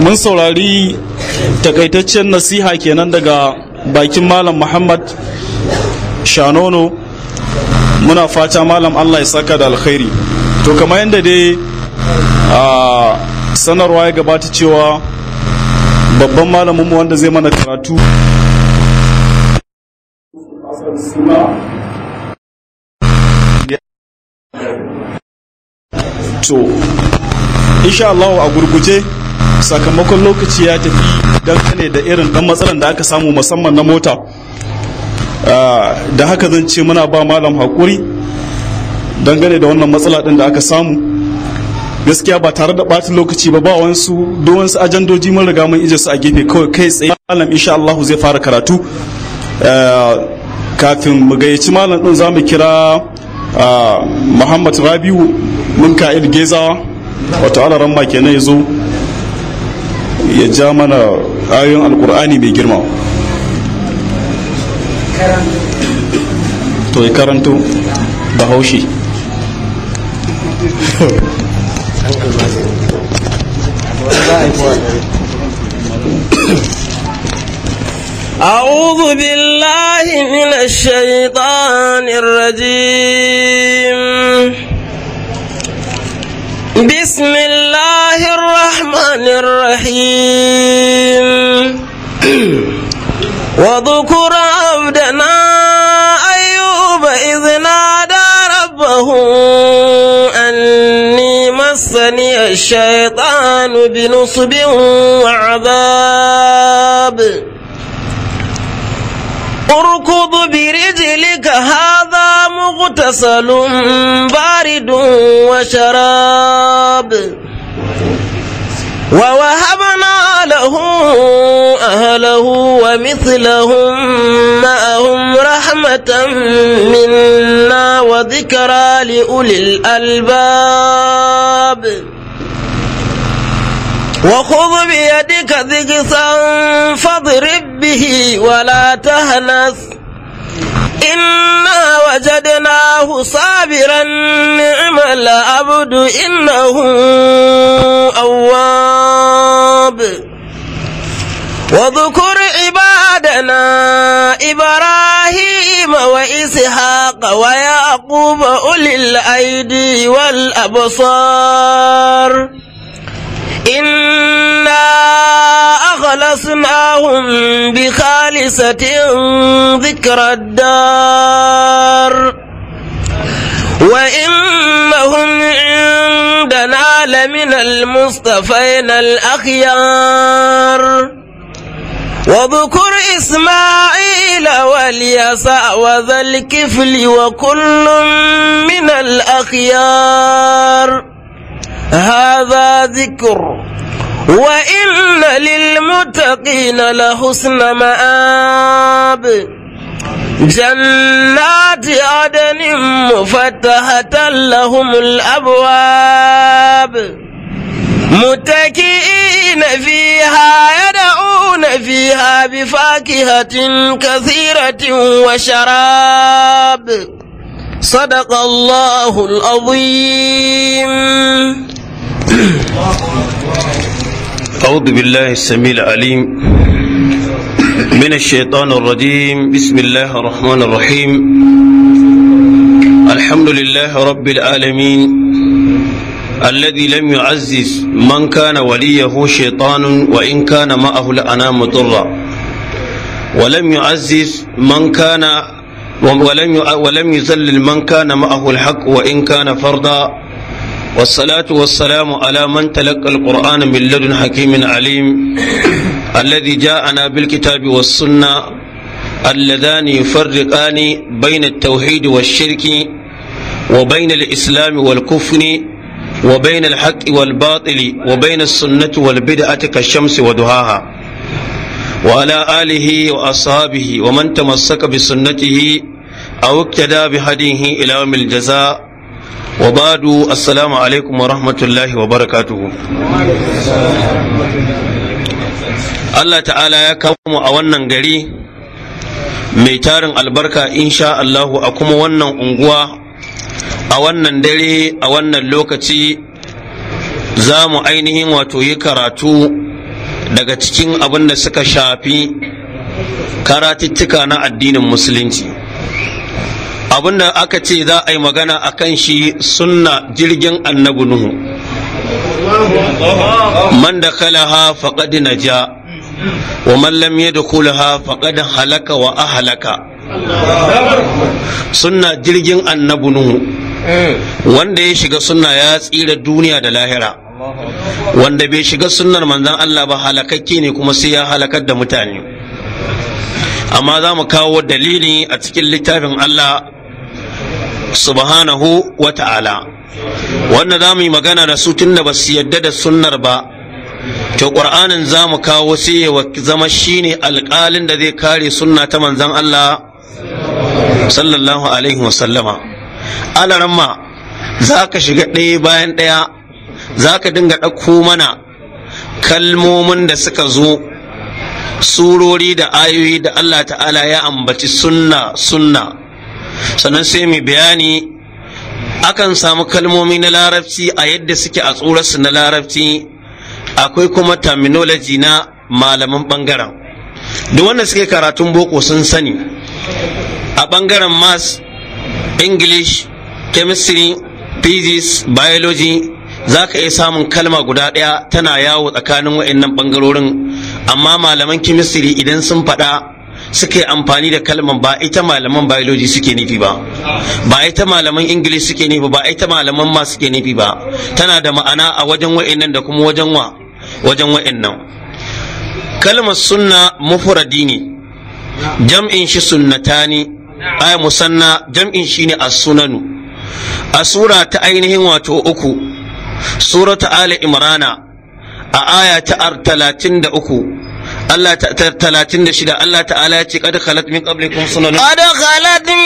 mun saurari takaitaccen nasiha kenan daga bakin malam muhammad shanono muna fata malam allah ya saka da alkhairi to kamar yadda dai a sanarwa ya gabata cewa babban malaminmu wanda zai mana karatu to insha Allah a gurguje sakamakon lokaci ya tafi dangane da irin dan matsalan da aka samu musamman na mota ah, da haka zan ce muna ba malam haƙuri dangane da wannan matsala din da aka samu gaskiya ba tare da ɓata lokaci ba ba wansu wasu ajandoji mun riga mun ije su a gefe kawai kai tsaye malam insha Allah zai fara karatu ah, kafin mu gayyaci malam ɗin za mu kira ah, Muhammad Rabiu mun ka Gezawa wato alaran ma kenan ya zo ya ja mana ayoyin alkur'ani mai girma to ya karanto da haushi أعوذ بالله من الشيطان الرجيم بسم الله الرحمن الرحيم وذكر عبدنا أيوب إذ نادى ربه أني مسني الشيطان بنصب وعذاب اركض برجلك مغتسل بارد وشراب ووهبنا له أهله ومثلهم معهم رحمة منا وذكرى لأولي الألباب وخذ بيدك ذكسا فاضرب به ولا تهنث إنا وجدناه صابرا نعم العبد إنه أواب واذكر عبادنا إبراهيم وإسحاق ويعقوب أولي الأيدي والأبصار إنا أخلصناهم بخالصة ذكر الدار وإنهم عندنا لمن المصطفين الأخيار واذكر إسماعيل واليسع وذا الكفل وكل من الأخيار هذا ذكر وإن للمتقين لحسن مآب جنات عدن مفتحة لهم الأبواب متكئين فيها يدعون فيها بفاكهة كثيرة وشراب صدق الله العظيم أعوذ بالله السميع العليم من الشيطان الرجيم بسم الله الرحمن الرحيم الحمد لله رب العالمين الذي لم يعزز من كان وليه شيطان وإن كان معه لأنا ضرا ولم يعزز من كان ولم ولم يذلل من كان معه الحق وإن كان فردا والصلاة والسلام على من تلقى القرآن من لدن حكيم عليم الذي جاءنا بالكتاب والسنة اللذان يفرقان بين التوحيد والشرك وبين الإسلام والكفر وبين الحق والباطل وبين السنة والبدعة كالشمس ودهاها وعلى آله وأصحابه ومن تمسك بسنته أو اقتدى بهديه إلى يوم الجزاء wa badu assalamu alaikum wa rahmatullahi wa barakatuhu Allah ta'ala ya kawo mu a wannan gari mai tarin albarka insha Allahu a kuma wannan unguwa a wannan dare a wannan lokaci za mu ainihin wato yi karatu daga cikin abin da suka shafi karatuttuka na addinin musulunci abinda aka ce za a yi magana a kan shi sunna jirgin annabi man da kalaha na ja wa man lam yadkhulha faqad halaka wa ahlaka sunna jirgin annabi nuhu wanda ya shiga suna ya tsira duniya da lahira wanda bai shiga sunnar manzon Allah ba halakakke ne kuma sai ya halakar da mutane amma za mu kawo dalili a cikin littafin Allah subhanahu wa ta'ala wanda za mu yi magana da su tunda ba su yadda da sunnar ba to ƙur'anin za mu kawo sai ya zama shine alƙalin da zai kare sunna ta manzan Allah sallallahu alaihi za ka shiga ɗaya bayan ɗaya za ka dinga ɗauko mana kalmomin da suka zo surori da ayoyi da Allah ta'ala ya ambaci sunna sunna sannan sai mu bayani akan samu kalmomi na larabci a yadda suke a tsurarsu na larabci akwai kuma terminology na malaman bangaren duk wanda suke karatun boko sun sani a bangaren mass english chemistry physics biology za ka iya samun kalma guda ɗaya tana yawo tsakanin wa'annan bangarorin amma malaman chemistry idan sun faɗa suke amfani da kalmar ba ita malaman biology suke nufi ba ba ita malaman english suke nufi ba ita malaman ma suke nufi ba tana da ma'ana a wajen wa'annan da kuma wajen wa wajen wa'annan kalmar sunna mufradi ne jam'in shi sunnatani ay musanna jam'in shi ne as-sunanu a sura ta ainihin wato uku surata ali imrana a aya ta 33 Allah talatin da shida Allah ta'ala ya ce kada khalat min qablikum sunanun kada khalat min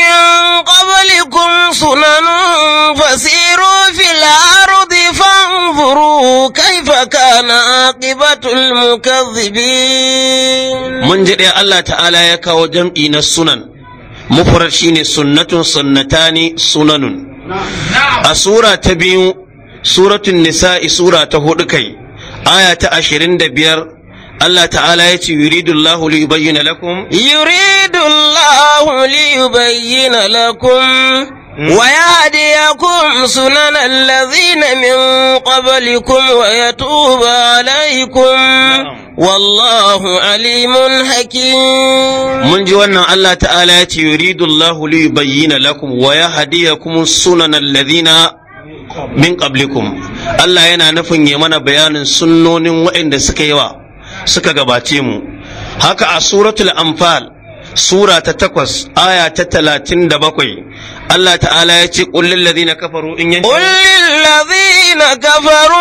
qablikum sunanun fasiru fil ardi fanzuru kaifa kana aqibatul mukazzibin mun ji dai Allah ta'ala ya kawo jam'i na sunan mufrad shine sunnatun sunnatani sunanun a sura ta biyu suratul nisa'i sura ta hudu kai aya ta ashirin da biyar Allah ta'ala ya ce yuridullahu li yubayyana lakum yuridullahu li lakum hmm. wa yahdiyakum sunan alladhina min qablikum wa yatuba alaykum wallahu alimun hakim mun ji wannan Allah ta'ala ya ce yuridullahu li lakum wa yahdiyakum sunan alladhina min qablikum Allah yana nufin ya mana bayanin sunnonin waɗanda suka yi suka gabace mu haka a suratul anfal sura ta takwas aya ta talatin da bakwai Allah ta'ala ya ce ƙullin ladina kafaru in yanke ƙullin ladina kafaru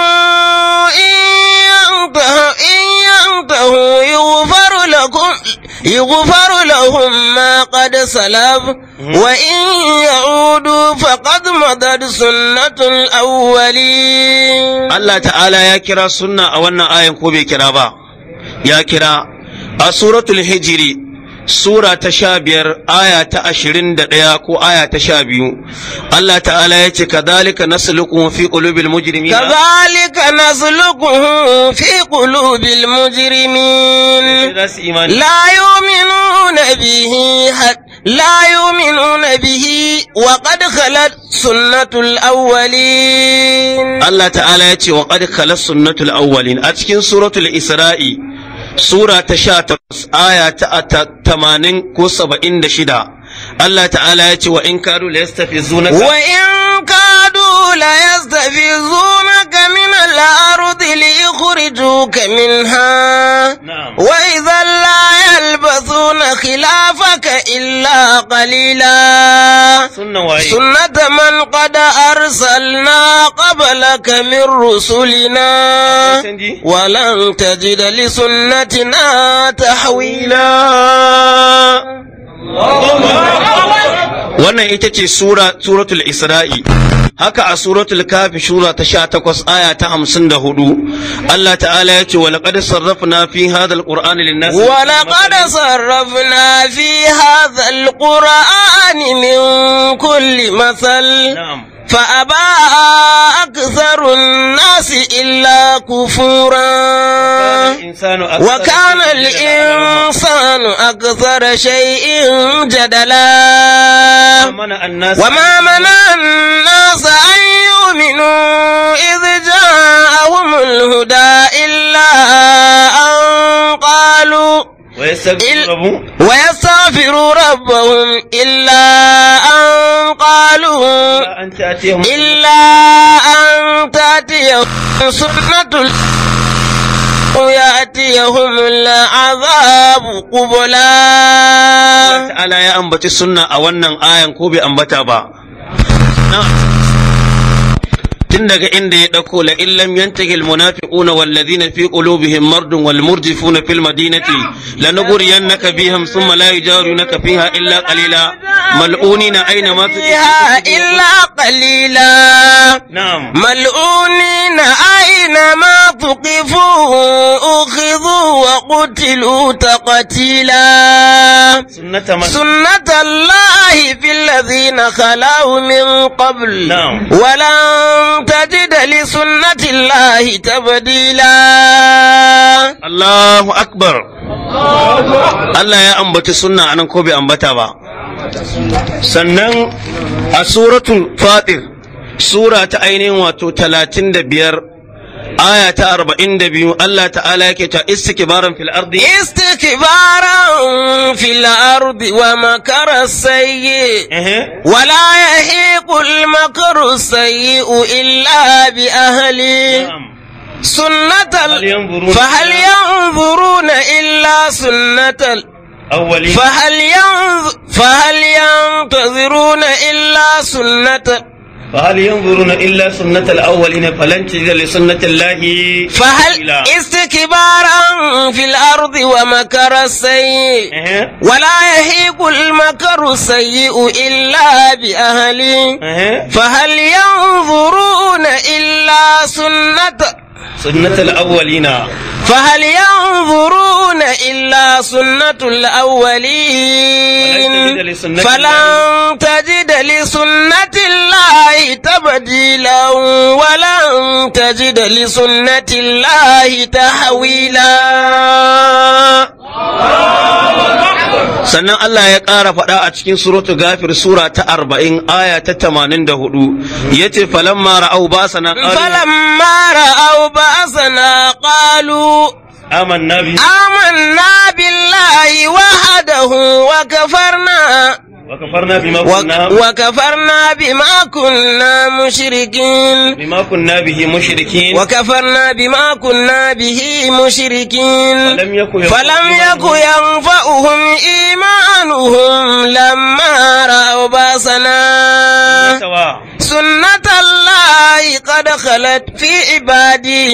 in yantahu yughfaru lakum yughfaru lahum ma qad salaf hmm. wa in ya'udu faqad madad sunnatul awwalin Allah ta'ala ya kira sunna a wannan ayan ko bai kira ba ya kira a suratul hijiri sura ta sha biyar aya ta ashirin da ɗaya ko aya ta sha biyu Allah ta'ala ya ce kadhalika nasluquhu fi qulubil mujrimin kadhalika nasluquhu fi qulubil mujrimin la yu'minuna bihi لا يؤمنون به وقد خلت سنة الأولين الله تعالى يتي وقد خلت سنة a cikin suratul الإسرائي sura ta sha takwas aya ta tamanin ko saba'in da shida Allah ta'ala ya ce wa in kadu la yastafizuna wa in kadu la yastafizuna ka min al-ard li yukhrijuka minha wa idhan la yalbasuna khilafaka illa qalila سنة من قد أرسلنا قبلك من رسلنا ولن تجد لسنتنا تحويلا wannan ita ce sura suratul isra'i haka a suratul kafi shura ta sha takwas aya ta hamsin da hudu Allah ta'ala ya ce wa laqad sarrafna fi hadha alquran lin nas wa laqad sarrafna fi hadha alquran min kulli masal فأبى أكثر الناس إلا كفورا وكان الإنسان أكثر شيء جدلا وما منع الناس أن يؤمنوا إذ جاءهم الهدى إلا أن قالوا ويستغفروا ربهم إلا أن قالوا إلا أن تأتيهم سنة ويأتيهم العذاب قبلا تعالى يا أنبتي السنة أولا آية كوبي أنبتا با tun daga inda ya ɗauko la illam yantahi almunafiquna walladhina fi qulubihim mardun wal murjifuna fil madinati lanughriyannaka bihim thumma la yujarunaka fiha illa qalila mal'unina aina ma fiha illa qalila na'am mal'unina aina ma tuqifu ukhidhu wa qutilu taqtila sunnatallahi fil ladhina khalau min qabl walan تجد لسنة الله تبديلا الله أكبر الله يا أنبت السنة أنا كوبي أنبتها با sannan a suratul fatir sura ta ainihin wato talatin da biyar آية أربع إن دبيو الله تعالى كتا استكبارا في الأرض استكبارا في الأرض ومكر السيء إيه. ولا يهيق المكر السيء إلا بأهله نعم. سنة فهل ينظرون إلا سنة أولي فهل ينظ فهل ينتظرون إلا سنة فهل ينظرون إلا سنة الأولين فلن تجد لسنة الله فهل استكبارا في الأرض ومكر السيء ولا يهيق المكر السيء إلا بأهله فهل ينظرون إلا سنة سنة الأولين فهل ينظرون إلا سنة الأولين فلن تجد لسنة الله تبديلا ولن تجد لسنة الله تحويلا sannan Allah ya ƙara faɗa a cikin suratu gafir sura ta arba'in aya ta tamanin da hudu ya ce falamma ra'au ba sana ƙalu falamma ra'au ba sana ƙalu آمنا بالله آمنا بالله وحده وكفرنا وكفرنا بما كنا وكفرنا بما كنا مشركين بما كنا به مشركين وكفرنا بما كنا به مشركين فلم يكن ينفعهم إيمانهم لما قد خلت في عبادي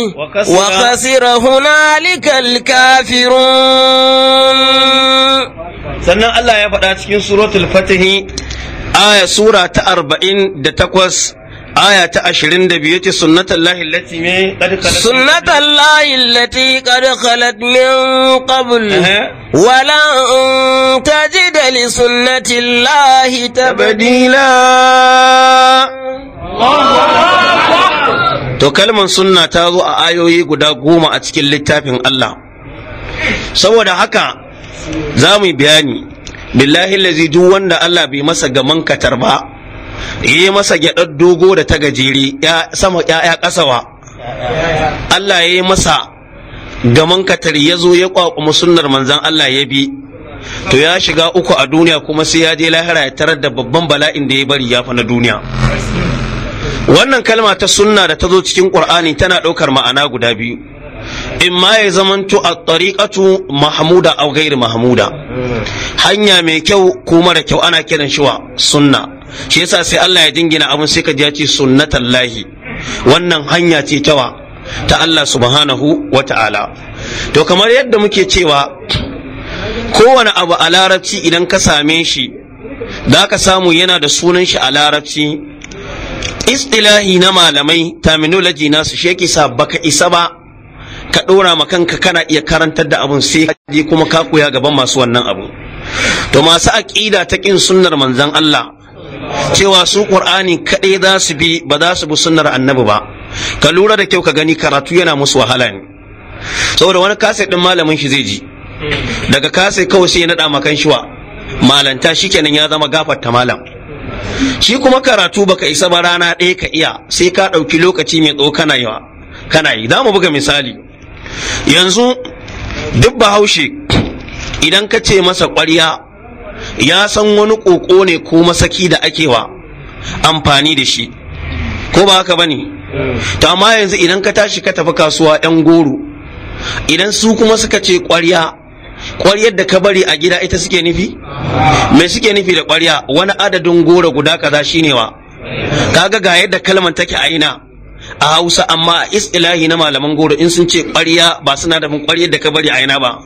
وخسر هنالك الكافرون sannan Allah ya faɗa cikin suratul fatihi aya sura ta arba'in da takwas aya ta 25 yace sunnatul lahi allati me qad khalat sunnatul lahi allati qad khalat min qabl wa la tajid lahi to kalman sunna ta zo a ayoyi guda goma a cikin littafin Allah saboda haka za mu yi bayani billahi lazi duk wanda Allah bai masa gaman katar ba yi masa gyaɗar dogo da ta gajere sama ‘ya'ya ƙasawa Allah ya yi masa gaman katar ya zo ya ƙwaƙuma sunnar manzan Allah ya bi to ya shiga uku a duniya kuma sai ya je lahira ya tarar da babban bala'in da ya bari ya fana duniya wannan kalma ta sunna da ta zo cikin ƙur'ani tana ɗaukar ma'ana guda biyu in ma ya zamanto a tsariƙatu mahmuda a gairi mahmuda hanya mai kyau ko mara kyau ana kiran shi wa sunna shi yasa sai Allah ya dingina abin sai ka ji ya ce sunnatallahi wannan hanya ce tawa ta Allah subhanahu wa ta'ala to kamar yadda muke cewa kowane abu a larabci idan ka same shi da ka samu yana da sunan shi a larabci istilahi na malamai terminology nasu shi yake sa baka isa ba ka ɗora ma kanka kana iya karantar da abun sai ka je kuma ka koya gaban masu wannan abu to masu aƙida ta ƙin sunnar manzon Allah cewa su ƙur'ani kaɗai za su bi ba za su bi sunnar annabi ba ka lura da kyau ka gani karatu yana musu wahala ne saboda wani kasai din malamin shi zai ji daga kasai kawai sai ya naɗa makan shi wa malanta shikenan ya zama gafarta malam shi kuma karatu baka isa ba rana ɗaya ka iya sai ka ɗauki lokaci mai tsawo kana yi kana yi za mu buga misali yanzu duk bahaushe idan ka ce masa ƙwarya ya san wani ƙoƙo ne ko masaki da ake wa amfani da shi ko ba haka ba ne to amma yanzu idan ka tashi ka tafi kasuwa 'yan goro idan su kuma suka ce ƙwarya ƙwaryar da ka bari a gida ita suke nufi me suke nufi da ƙwarya wani adadin goro guda kaza shine wa kaga ga yadda kalmar take aina. a hausa amma a isilahi na malaman goro in sun ce ƙwarya ba suna da mun ƙwaryar da ka bari a yana ba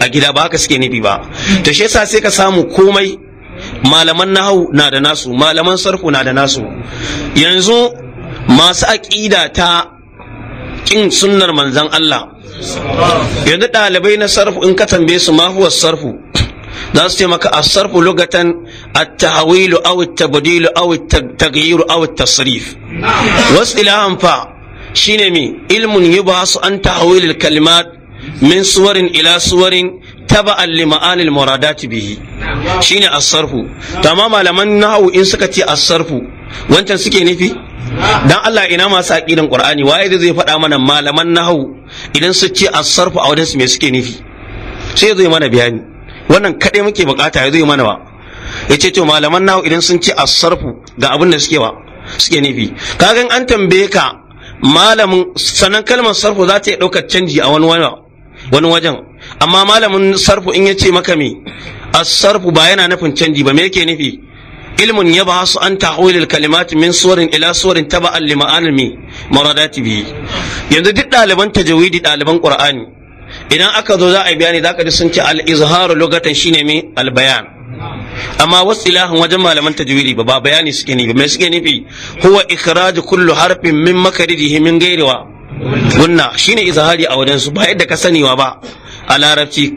a gida ba haka suke nufi ba Ta shi yasa sai ka samu komai malaman nahau na da nasu malaman sarku na da nasu yanzu masu aƙida ta ƙin sunnar manzon Allah yanzu ɗalibai na sarfu in ka tambaye su ma huwa sarfu za su ce maka asarfu lugatan at-tahwilu aw at-tabdilu aw at-taghyiru aw at-tasrif wasu ilahan fa shine mi ilmun yubasu an tahwil al-kalimat min suwarin ila suwarin taba'an li ma'anil muradati bihi shine as-sarfu to amma malaman nahwu in suka ce as-sarfu wancan suke nufi dan Allah ina masu aqidan Qur'ani waye zai faɗa mana malaman nahwu idan su ce as-sarfu a wajen su me suke nufi sai zai mana bayani wannan kaɗai muke bukata ya zai mana ba ya ce to malaman nawa idan sun ce asarfu ga abin da suke ba suke nufi kagan an tambaye ka malamin sannan kalmar sarfu za ta iya ɗaukar canji a wani wajen amma malamin sarfu in ya ce maka me asarfu ba yana nufin canji ba me yake nufi Ilmin ya ba su an ta'awilil kalimat min suwarin ila suwarin taba'an li mi maradati bi yanzu duk ɗaliban tajawidi ɗaliban qur'ani idan aka zo za a yi bayani za ka ji sun ce al-izharu lugatan shine me al-bayan amma wasu ilahin wajen malaman tajwidi ba ba bayani suke nufi mai suke nufi huwa ikhraju kullu harfin min makaridihi min gairewa gunna shine izhari a wajen su ba yadda ka saniwa ba a larabci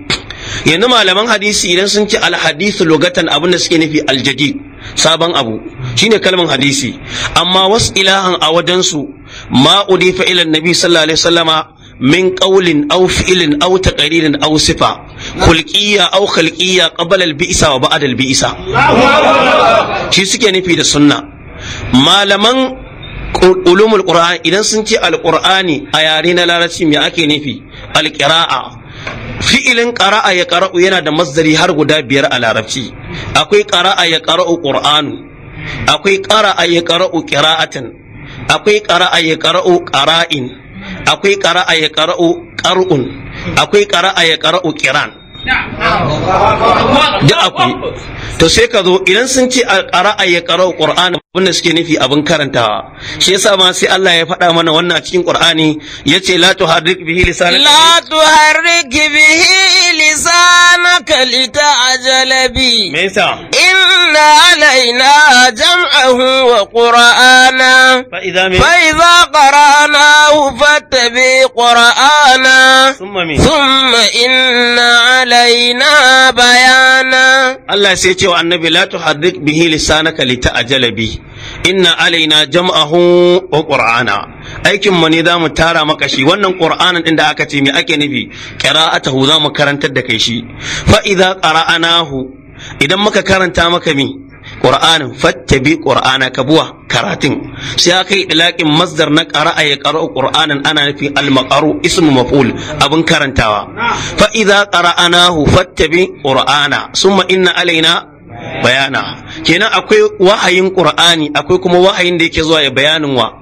yanzu malaman hadisi idan sun ce alhadisu lugatan abin da suke nufi aljadid sabon abu shine kalman hadisi amma wasu ilahan a wajen su ma udifa ila nabi sallallahu alaihi wasallama min ƙaulin au fi'ilin au taqririn au sifa kulqiyya au khalqiyya qabla al-bi'sa wa ba'da al-bi'sa shi suke nufi da sunna malaman ulumul qur'an idan sun ce alqur'ani a yare na larabci me ake nufi alqira'a fi'ilin qara'a ya qara'u yana da mazdari har guda biyar a larabci akwai qara'a ya qara'u qur'anu akwai qara'a ya qara'u qira'atan akwai qara'a ya qara'u qara'in akwai qara'a ya qara'u qar'un akwai qara'a ya qara'u qiran da akwai to sai ka zo idan sun ce a ƙara'a ya ƙarau ƙur'ani abin da suke nufi abin karantawa shi yasa ma sai Allah ya faɗa mana wannan a cikin ƙur'ani ce la harrik bihi lisanaka la harrik bihi lisanaka lita ajalabi me yasa in inna alaina jam'ahu wa qur'ana فإذا قرأناه فاتبع قرآنا ثم إن علينا بيانا الله سيتي والنبي لا تحرك به لسانك لتأجل به إن علينا جمعه وقرآنا aikin mu ne zamu tara maka shi wannan qur'anin din da aka ce me ake nufi qira'atahu zamu karantar da kai shi fa idza qara'anahu idan muka karanta maka mi qur'anin fattabi qur'ana kabuwa karatin sai akai yi masdar na qara'a ya qara'u qur'anan ana nufin al-maqaru ismu maf'ul abin karantawa fa idza qara'anahu fattabi qur'ana summa inna alaina bayana kenan akwai wahayin qur'ani akwai kuma wahayin da yake zuwa ya bayanin wa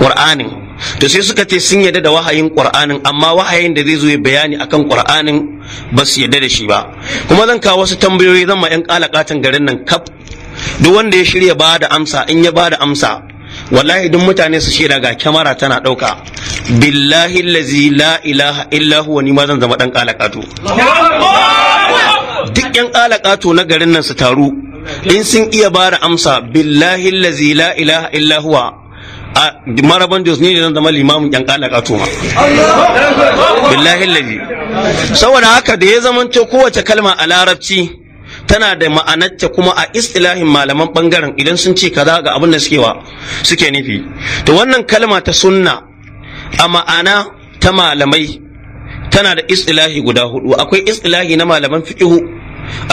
qur'anin to sai suka ce sun yarda da wahayin qur'anin amma wahayin da zai zo ya bayani akan qur'anin ba su yadda da shi ba kuma zan kawo wasu tambayoyi zan ma yan kalakatan garin nan kaf duk wanda ya shirya ba da amsa in ya ba da amsa wallahi duk mutane su shirya ga kyamara tana dauka billahi allazi la ilaha illa huwa ni ma zan zama dan kalakatu duk yan kalakatu na garin nan su taru in sun iya ba da amsa billahi allazi la ilaha illa huwa a maraban jos ne zan zama limamin yan kala katuma billahi saboda haka da ya zamanto kowace kalma a larabci tana da ma'anarta kuma a istilahin malaman bangaren idan sun ce kaza ga abin da suke wa suke nufi to wannan kalma ta sunna a ma'ana ta malamai tana da istilahi guda hudu akwai istilahi na malaman fiqhu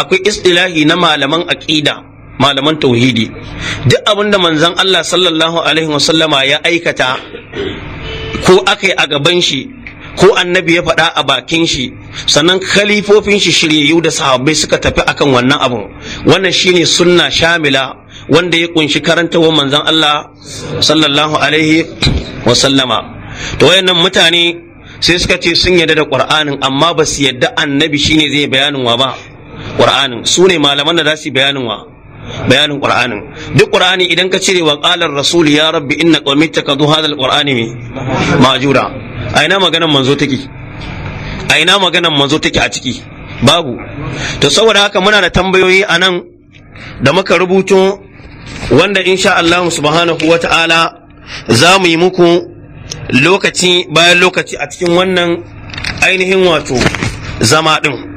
akwai istilahi na malaman aqida malaman tauhidi duk abin da manzon Allah sallallahu alaihi wasallama ya aikata ko aka a gaban shi ko annabi ya faɗa a bakin shi sannan khalifofin shi shiryayyu da sahabbai suka tafi akan wannan abu wannan shine sunna shamila wanda ya kunshi karantawa manzon Allah sallallahu alaihi wasallama to wayannan mutane sai suka ce sun yarda da qur'anin amma ba su yarda annabi shine zai bayanin wa ba qur'anin su malaman da za su bayanin wa bayanin qur'anin duk qur'ani idan ka cire wa qalar rasul ya rabbi inna qaumi takadu hadha alqur'ani mi majura a ina maganar manzo take a ina maganar manzo take a ciki babu to saboda haka muna da tambayoyi anan da muka rubuto wanda insha Allah subhanahu wa ta'ala za mu yi muku lokaci bayan lokaci a cikin wannan ainihin wato zama ɗin.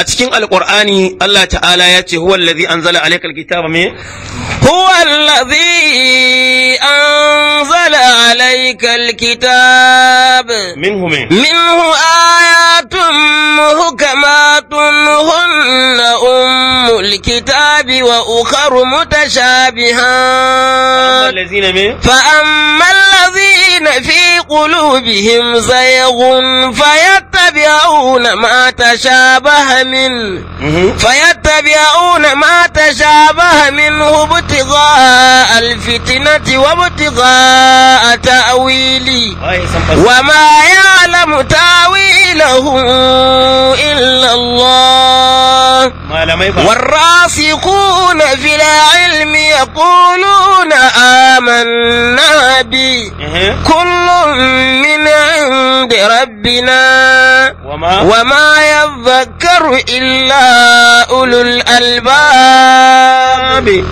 أتكلم أتكين القرآن الله تعالى يأتي هو الذي أنزل عليك الكتاب من هو الذي أنزل عليك الكتاب منه مين منه آيات محكمات هن أم الكتاب وأخر متشابهات الذين مين فأما الذين في قلوبهم زيغ فيتبعون ما تشابه منه فيتبعون ما تشابه منه ابتغاء الفتنة وابتغاء تأويلي آية وما يعلم تأويله إلا الله والراسخون في العلم يقولون آمنا بي كل من عند ربنا وما يذكر إلا أولو الألباب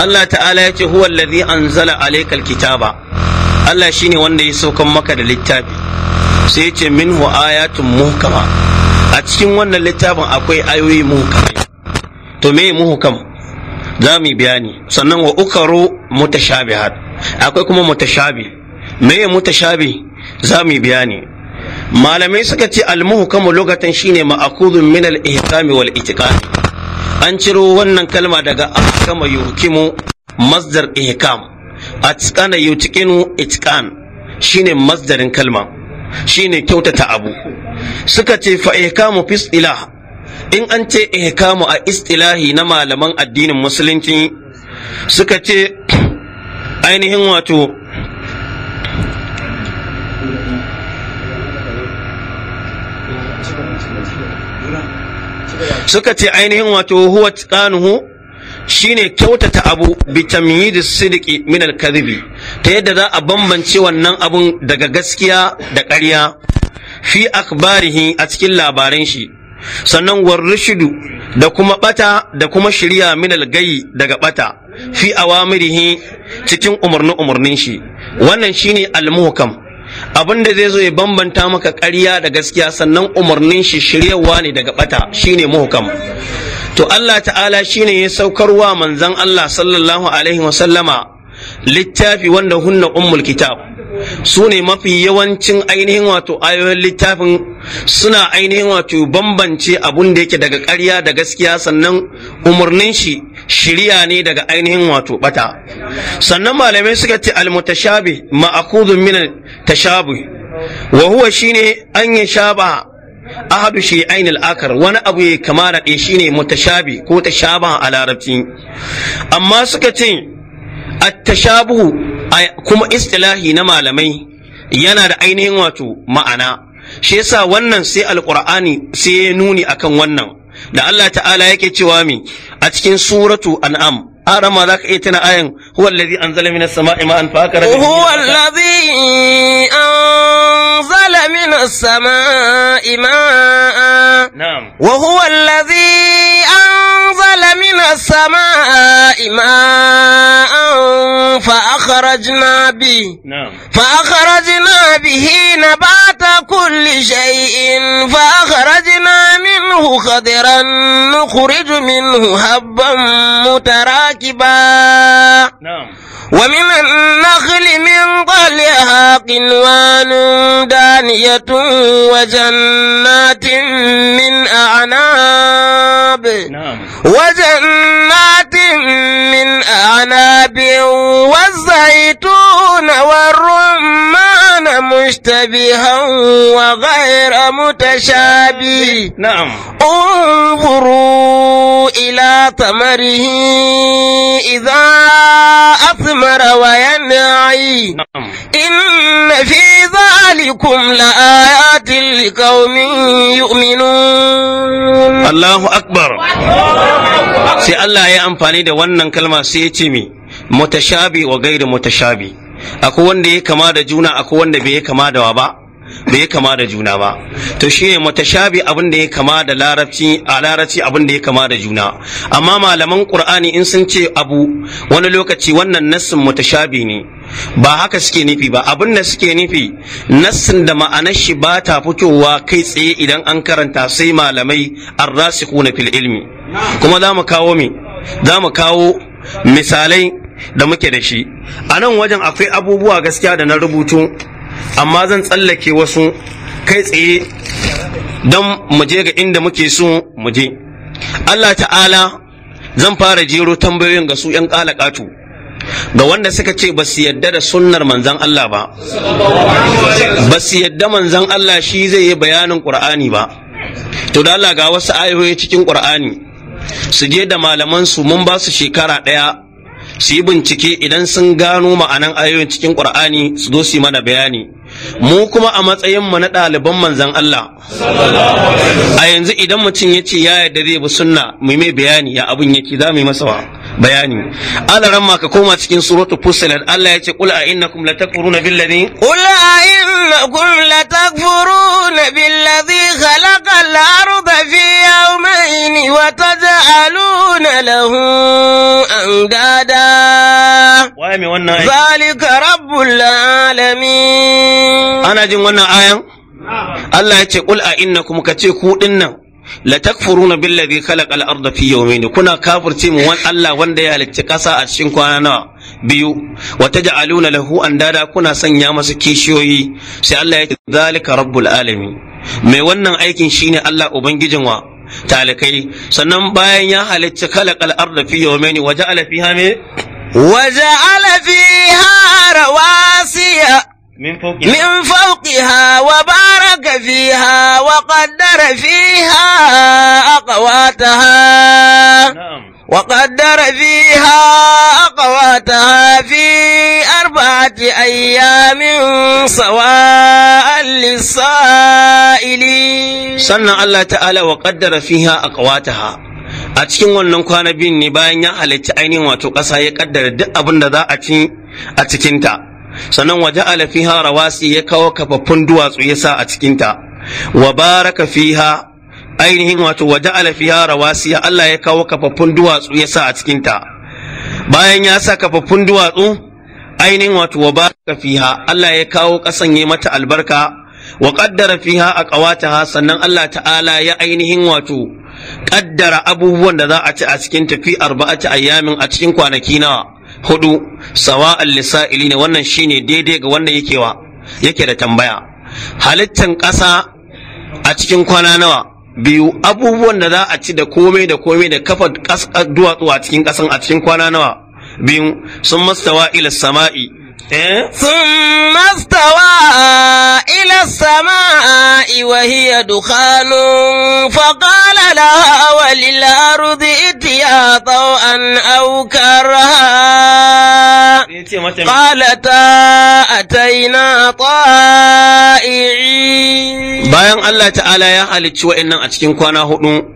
Allah ta'ala ya ce huwa allazi anzala alaykal kitaba Allah shine wanda ya saukan maka da littafi sai ya ce minhu ayatun muhkama a cikin wannan littafin akwai ayoyi muhkamai to me muhkam za mu bayani sannan wa ukaru mutashabihat akwai kuma mutashabi me mutashabi za mu bayani malamai suka ce almuhkamu lokacin shine ma'akudun minal al-ihkami wal itiqad an ciro wannan kalma daga ahkama yuhkimu masdar ihkam atqana yutqinu itqan shine masdarin kalma shine kyautata abu suka ce fa ihkamu fi istilah in an ce ihkamu a istilahi na malaman addinin musulunci suka ce ainihin wato suka ce ainihin wato huwa tsanuhu shine kyautata abu bi tamyiz sidiki min al ta yadda za a bambance wannan abun daga gaskiya da ƙarya fi akbarihi a cikin labaran shi sannan war Rashidu da kuma bata da kuma shirya min al gayi daga bata fi awamirihi cikin umurni umarnin shi wannan shine al-muhkam abin da zai zo ya bambanta maka ƙarya da gaskiya sannan umarnin shi shiryarwa ne daga bata shine muhkam to Allah ta'ala shine ya saukar wa manzon Allah sallallahu alaihi wasallama littafi wanda hunna ummul kitab su ne mafi yawancin ainihin wato ayoyin littafin suna ainihin wato bambance abun da yake daga ƙarya da gaskiya sannan umarnin shi shirya ne daga ainihin wato bata sannan malamai suka ce almutashabi ma'akudun min tashabi wa huwa shine an ya shaba ahadu shi ainul akar wani abu ya kama da ɗaya shine mutashabi ko tashaba a larabci amma suka ce at kuma istilahi na malamai yana da ainihin wato ma'ana shi yasa wannan sai alqur'ani sai ya nuni akan wannan da Allah ta'ala yake cewa mi a cikin suratu an'am arama zaka ذاك إيتنا ayan هو الذي أنزل من السماء ماء فأكل هو الذي أن أنزل من السماء ماء نعم وهو الذي أنزل من السماء ماء فأخرجنا به نعم فأخرجنا به نبات كل شيء فأخرجنا منه خضرا نخرج منه هبا متراكبا نعم ومن النخل من طلعها قنوان دانية وجنات من أعناب نعم. وجنات من أعناب والزيتون والرمان كان مشتبها وغير متشابه نعم انظروا إلى ثمره إذا أثمر وينعي نعم. إن في ذلكم لآيات لقوم يؤمنون الله أكبر sai Allah ya amfani da wannan kalma sai ya ce mi mutashabi wa gairu mutashabi akwai wanda ya kama da juna akwai wanda bai ya kama da ba bai kama da juna ba to ne mutashabi abin da ya kama da larabci a larabci abin da ya kama da juna amma malaman ƙur'ani in sun ce abu wani lokaci wannan nassin matashabi ne ba haka suke nufi ba abin da suke nufi nassin da ma'anar shi ba ta fitowa kai tsaye idan an karanta sai malamai arrasikuna fil ilmi kuma za mu za mu kawo misalai da muke da shi a nan wajen akwai abubuwa gaskiya da na rubutu amma zan tsallake wasu kai tsaye don mu je ga inda muke so mu je Allah ta'ala zan fara jero tambayoyin ga su 'yan ƙalaƙatu ga wanda suka ce ba su yadda da sunnar manzan Allah ba ba su yadda manzan Allah shi zai yi bayanin ƙur'ani ba to da Allah ga wasu ayoyi cikin ƙur'ani su je da malaman su mun ba su shekara ɗaya su yi bincike idan sun gano ma'anan ayoyin cikin ƙur'ani su zo su mana bayani mu kuma a matsayin mu na ɗaliban manzan Allah a yanzu idan mutum ya ce ya yarda zai bi sunna mu mai bayani ya abin yake za mu yi masa bayani alaran ma ka koma cikin suratul fusilat Allah ya ce qul a innakum latakfuruna billadhi qul a innakum latakfuruna تكفرون بالذي خلق الأرض في يومين وتجعلون له أندادا ذلك رب العالمين أنا جن wannan ayan Allah ya ce kul a innakum ka ce ku dinnan la takfuruna billazi khalaqa al-ardha fi yawmayn kuna kafirce mu wan Allah wanda ya halicci kasa a cikin kwana nawa biyu wa taj'aluna lahu andada kuna sanya masa kishiyoyi sai Allah ya ce zalika rabbul alamin mai wannan aikin shine Allah ubangijin wa talikai sannan bayan ya halicci khalaqa al-ardha fi yawmayn wa ja'ala fiha me wa ja'ala fiha rawasiya من فوقها من فوقها وبارك فيها وقدر فيها أقواتها نعم وقدر فيها أقواتها في أربعة أيام سواء للسائلين سنة الله تعالى وقدر فيها أقواتها a cikin wannan kwana biyun ne bayan ya halitta ainihin wato ƙasa ya ƙaddara duk abin da za a ci a cikinta sannan waje alafiha rawasi ya kawo kafaffun duwatsu ya sa a cikinta wa baraka fiha ainihin wato waje alafiha ya Allah ya kawo kafaffun duwatsu ya sa a cikinta bayan ya sa kafaffun duwatsu ainihin wato wa baraka fiha Allah ya kawo kasan ya mata albarka wa qaddara fiha aqwataha sannan Allah ta'ala ya ainihin wato ƙaddara abubuwan da za a ci a cikin tafi arba'ati ayyamin a cikin kwanaki nawa hudu sawa'an lisa'ili ne wannan shine daidai ga wannan yake wa yake da tambaya halittan ƙasa a cikin kwana nawa biyu abubuwan da za a ci da komai da komai da kafa duwatsu a cikin ƙasan a cikin kwana nawa biyu sun mastawa ila sama'i ثم استوى إلى السماء وهي دخان فقال لها وللأرض ائتيا طوعا أو ta a taina طائعين bayan Allah ta'ala ya halicci waɗannan a cikin kwana hudu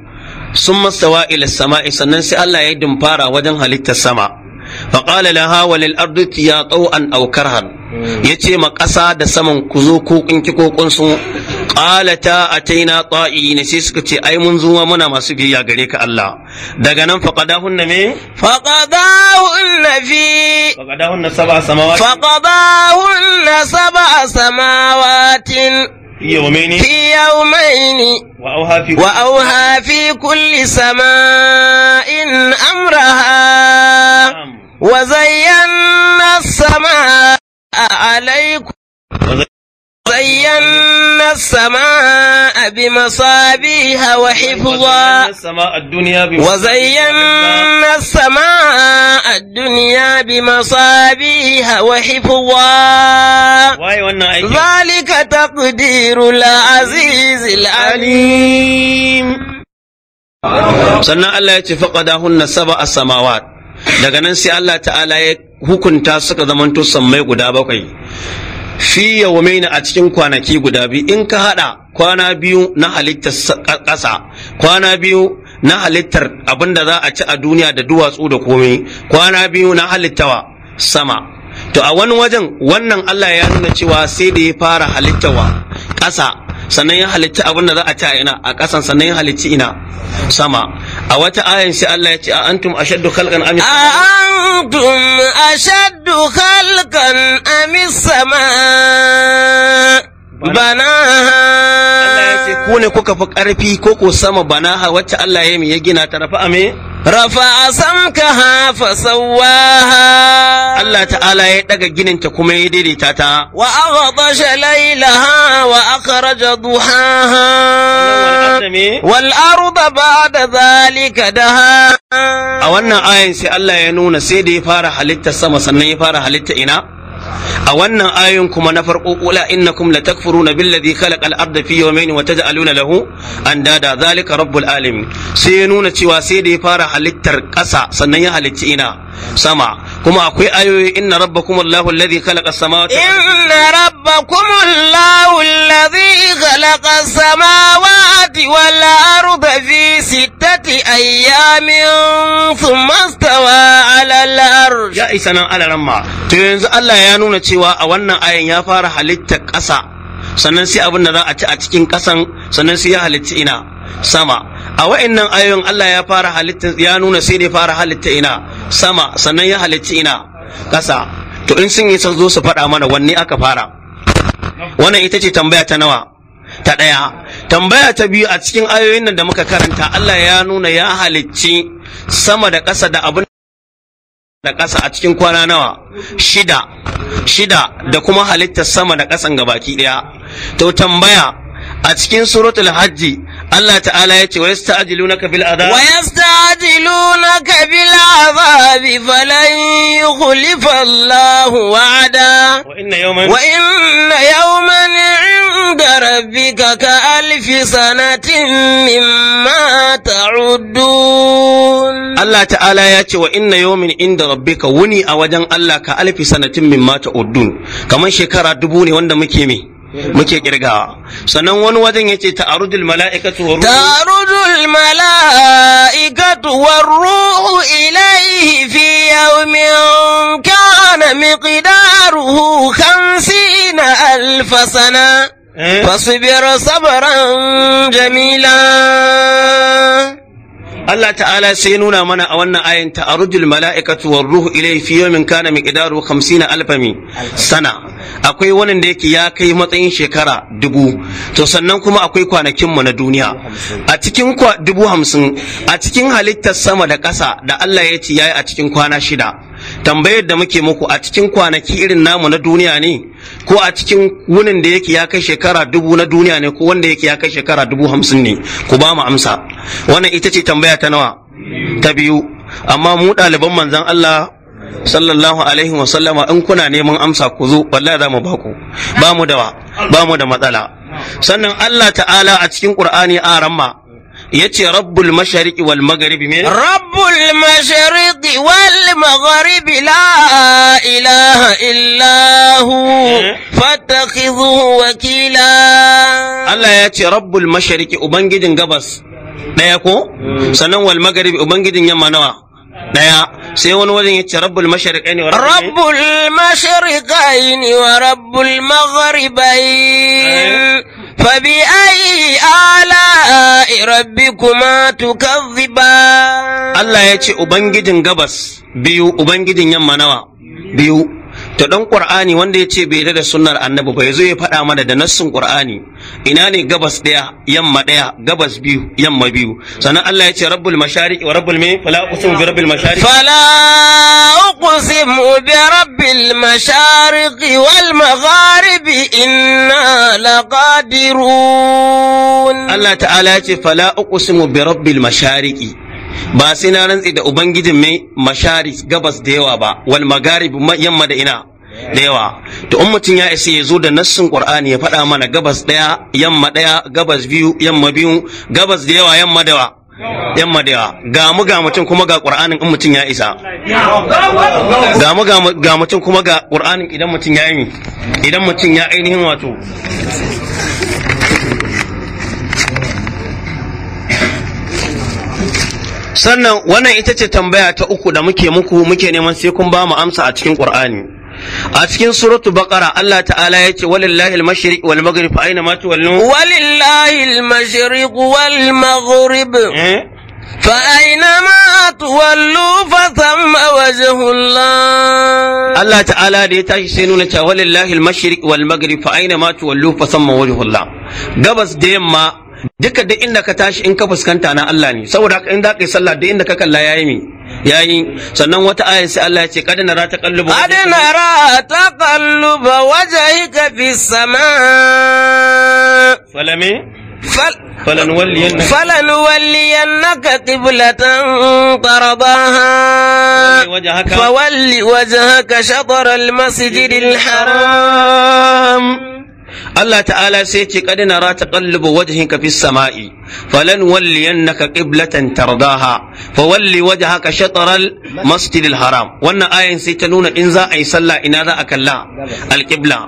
sun mastawa ila sama'i sannan sai Allah ya dumfara wajen halittar sama faƙala laha walil ardu ya tsau an aukar han ya ce ma ƙasa da saman ku zo ko kunki ko kunsu ƙalata a taina tsa'i ne sai suka ce ai mun zuwa muna masu biyayya gare ka Allah daga nan faƙada hunna me faƙada hunna fi faƙada hunna saba samawati faƙada hunna saba samawatin يومين في يومين وأوهى في, وأوهى في كل سماء أمرها نعم. وزينا السماء عليكم وزينا السماء بمصابيح وحفظا وزينا السماء الدنيا بمصابيح وحفظا ذلك تقدير العزيز العليم sannan Allah ya ce faqadahunna sab'a samawat daga nan sai Allah ta'ala ya hukunta suka zamanto sammai guda bakwai fi yawmaina a cikin kwanaki guda biyu in ka hada kwana biyu na halittar ƙasa kwana biyu na halittar abinda za a ci a duniya da duwatsu da komai kwana biyu na halittawa sama to a wani wajen wannan Allah ya nuna cewa sai da ya fara halittawa ƙasa sannan ya halitta abin da za a ta ina a ƙasan sannan ya halitta ina sama a wata ayan sai Allah ya ce a antum ashaddu khalqan am antum ashaddu khalqan am sama bana Allah ya ce ku ne kuka fi ƙarfi ko ko sama banaha wacce Allah ya mi ya gina ta rafa ame rafa samkaha fa sawaha Allah ta'ala ya daga ginin ta kuma ya daidaita ta wa aghadasha laylaha wa akhraja duhaha wal arda ba'da zalika daha a wannan ayin sai Allah ya nuna sai da ya fara halitta sama sannan ya fara halitta ina a wannan ayoyin kuma na farko kula innakum latakfuruna billadhi khalaqa al-ardha fi yawmayn wa taj'aluna lahu andada zalika rabbul alamin sai ya nuna cewa sai da ya fara halittar ƙasa sannan ya halicci ina sama kuma akwai ayoyi inna rabbakum Allahu alladhi khalaqa as-samawati inna rabbakum Allahu alladhi khalaqa as-samawati wal arda fi بستة أيام ثم ya isa nan ala ramma to yanzu Allah ya nuna cewa a wannan آيان ya fara halitta ƙasa sannan sai abin da za a ci a cikin ƙasan sannan sai ya halitta ina sama a wa'annan ayoyin Allah ya fara halitta ya nuna sai ne fara halitta ina sama sannan ya halitta ina ƙasa to in sun yi sun zo su faɗa mana wanne aka fara wannan ita ce tambaya ta nawa ta ɗaya tambaya ta biyu a cikin ayoyin nan da muka karanta Allah ya nuna ya halicci sama da ƙasa da abin da ƙasa a cikin kwana nawa shida shida da kuma halitta sama da ƙasan gabaki ɗaya to tambaya a cikin suratul hajji Allah ta'ala ya ce wa yasta'jilunaka bil adab wa yasta'jilunaka bil adab falan yukhlifa Allahu wa'ada wa inna yawman wa inna yawman 'inda rabbika ka alfi sanatin mimma ta'udun Allah ta'ala ya ce wa inna yawmin 'inda rabbika wuni a wajen Allah ka alfi sanatin mimma ta'udun kamar shekara dubu ne wanda muke mai. muke kirgawa sannan wani wajen yace ta'arujul mala'ikatu war ruhu ta'arujul mala'ikatu war ruhu ilayhi fi yawmin kana miqdaruhu 50 alf sana eh? fasbir sabran jamila Allah ta'ala sai ya nuna mana a wannan ayin ta'arujul mala'ikatu war ruhu ilai fi yawmin kana miqdaru 50 alfami sana akwai wani da yake ya kai matsayin shekara dubu to sannan kuma akwai kwanakin mu na duniya a cikin dubu hamsin a cikin halittar sama da ƙasa da Allah ya ce yayi a cikin kwana shida tambayar da muke muku a cikin kwanaki irin namu na duniya ne ko a cikin wunin da yake ya kai shekara dubu na duniya ne ko wanda yake ya kai shekara dubu hamsin ne ku ba mu amsa wannan ita ce tambaya ta nawa ta biyu amma mu ɗaliban manzon Allah sallallahu alaihi wa sallama in kuna neman amsa ku zo wallahi za mu ba ku ba mu da ba mu da matsala sannan Allah ta'ala a cikin Qur'ani a ramma yace rabbul mashariqi wal magharibi me rabbul mashariqi wal magharibi la ilaha illa hu eh? fattakhidhuhu wakila Allah yace rabbul mashariqi ubangijin gabas daya ko hmm. sannan wal magharibi ubangijin yamma nawa daya sai wani wajen yace rabbul mashariqaini wa rabbul mashariqaini wa rabbul magharibain eh? fabi a yi ala a irabbi kuma tukan ziba. Allah ya ce Ubangijin gabas biyu Ubangijin yamma nawa biyu Ta dan qur'ani wanda ya ce bai da sunnar annabi ba yazo ya faɗa mana da nassin qur'ani ina ne gabas daya yamma daya gabas biyu yamma biyu sannan Allah yace ce rabbul mashariq wa rabbul mai fala uqsimu bi rabbil mashariq fala uqsimu bi rabbil mashariq wal magharib inna laqadirun Allah ta'ala ya ce fala uqsimu bi rabbil mashariq ba sai na rantsi da ubangijin mai mashari gabas da yawa ba wal magarib yamma da ina da yawa to in mutum ya isa ya zo da nassin qur'ani ya faɗa mana gabas daya, yamma daya, gabas biyu yamma biyu gabas da yawa yamma da yamma da yawa ga mu ga mutum kuma ga qur'anin in mutum ya isa ga mu ga mutum kuma ga qur'anin idan mutum ya yi idan mutum ya ainihin wato sannan wannan ita ce tambaya ta uku da muke muku muke neman sai kun ba mu amsa a cikin qur'ani a cikin suratu baqara Allah ta'ala ya ce walillahi al-mashriq wal maghrib aina ma tuwallu walillahi al-mashriq wal maghrib فأينما تولوا فثم وجه الله الله تعالى دي تاشي سينونا ولله ma tuwallu فأينما تولوا فثم وجه Gabas da yamma. duka duk inda ka tashi in ka fuskanta na Allah ne saboda haka in za ka yi sallah duk inda ka kalla yayi mi yayi sannan wata aya sai Allah ya ce kad nara taqalluba kad nara taqalluba wajhika fis samaa falame فلنولينك فلنولينك قبلة ترضاها فول وجهك شطر المسجد الحرام Allah ta'ala sai ce qad nara taqallubu wajhinka fis sama'i falan walliyannaka qiblatan tardaha fawalli wajhaka shatral masjidil haram wannan ayan sai ta nuna in za a yi sallah ina za a kalla alqibla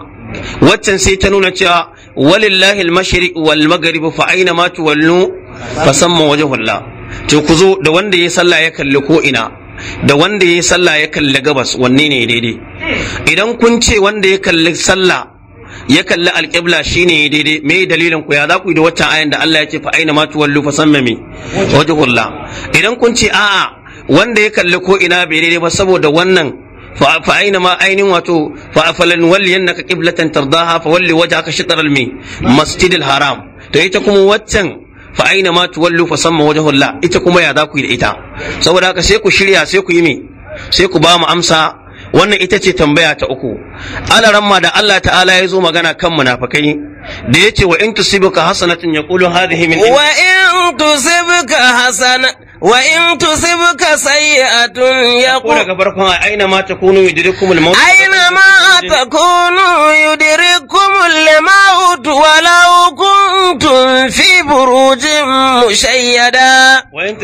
waccan sai ta nuna cewa walillahi al-mashriq wal maghrib fa aina ma tuwallu fa wajhullah to ku zo da wanda ya sallah ya kalli ko ina da wanda ya sallah ya kalli gabas wanne ne daidai idan kun ce wanda ya kalli sallah ya kalli alƙibla shi shine daidai me dalilin ku ya za ku yi da waccan ayan da Allah ya ce fa aina ma tuwallu fa sammami wajhullah idan kun ce a'a wanda ya kalli ko ina bai daidai ba saboda wannan fa aina ma ainin wato fa afalan walliyannaka qiblatan tardaha fa walli wajhaka shatr al-mi masjidil haram to ita kuma waccan fa aina ma tuwallu fa samma wajhullah ita kuma ya za ku yi da ita saboda haka sai ku shirya sai ku yi me sai ku ba mu amsa wannan ita ce tambaya ta uku alaramma da Allah ta'ala ya zo magana kan munafakai da yace wa in tusibuka hasanatan yaqulu hadhihi min wa in tusibuka hasana wa in tusibka sayyi'atun yaqulu daga farkon aina ma takunu yudrikumul maut aina ma takunu yudrikumul maut walau kuntum fi burujin mushayyada wa in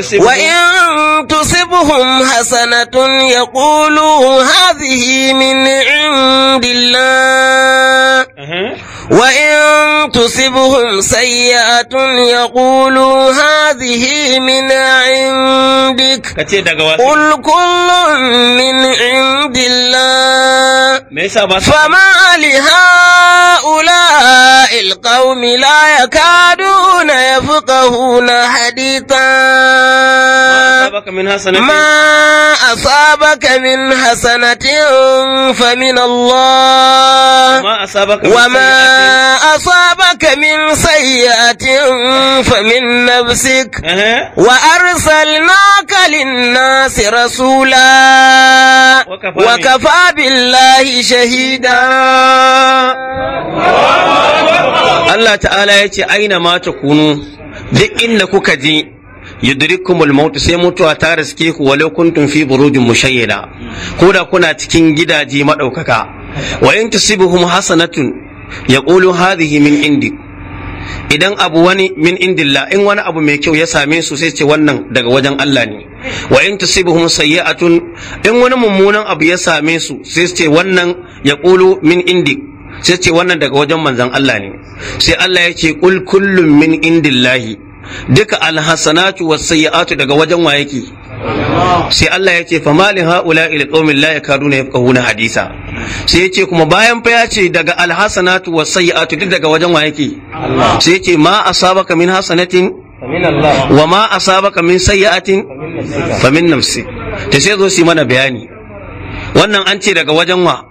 tusibuhum hasanatun yaqulu hadhihi min indillah uh-huh. وإن تصبهم سيئة يقولوا هذه من عندك قل كل من عند الله فما لهؤلاء القوم لا يكادون يفقهون حديثا ما أصابك من حسنة فمن الله وما أصابك من أصابك من سيئة فمن نفسك وأرسلناك للناس رسولا وكفى بالله شهيدا الله تعالى يتي أينما تكونوا duk inda kuka je yudrikumul maut sai mutuwa ta riske ku walau kuntum fi burujin mushayyada ko da kuna cikin gidaje madaukaka wa in tusibuhum hasanatun ƙulu hadhihi min indi idan abu wani min indillah in wani abu mai kyau ya same su sai ce wannan daga wajen Allah ne wa in tusibuhum sayyi'atun in wani mummunan abu ya same su sai ce wannan ƙulu min indi sai ce wannan daga wajen manzon Allah ne sai Allah ya ce kul kullum min indillahi duka alhasanatu was sayyi'atu daga wajen wa yake sai Allah ya ce fa mali haula ila qaumin la yakaduna yafqahuna hadisa sai ya ce kuma bayan fa ya ce daga alhasanatu was sayyi'atu duk daga wajen wa yake sai ya ce ma asabaka min hasanatin wa ma asabaka min sayyi'atin fa min nafsi ta sai zo su mana bayani wannan an ce daga wajen wa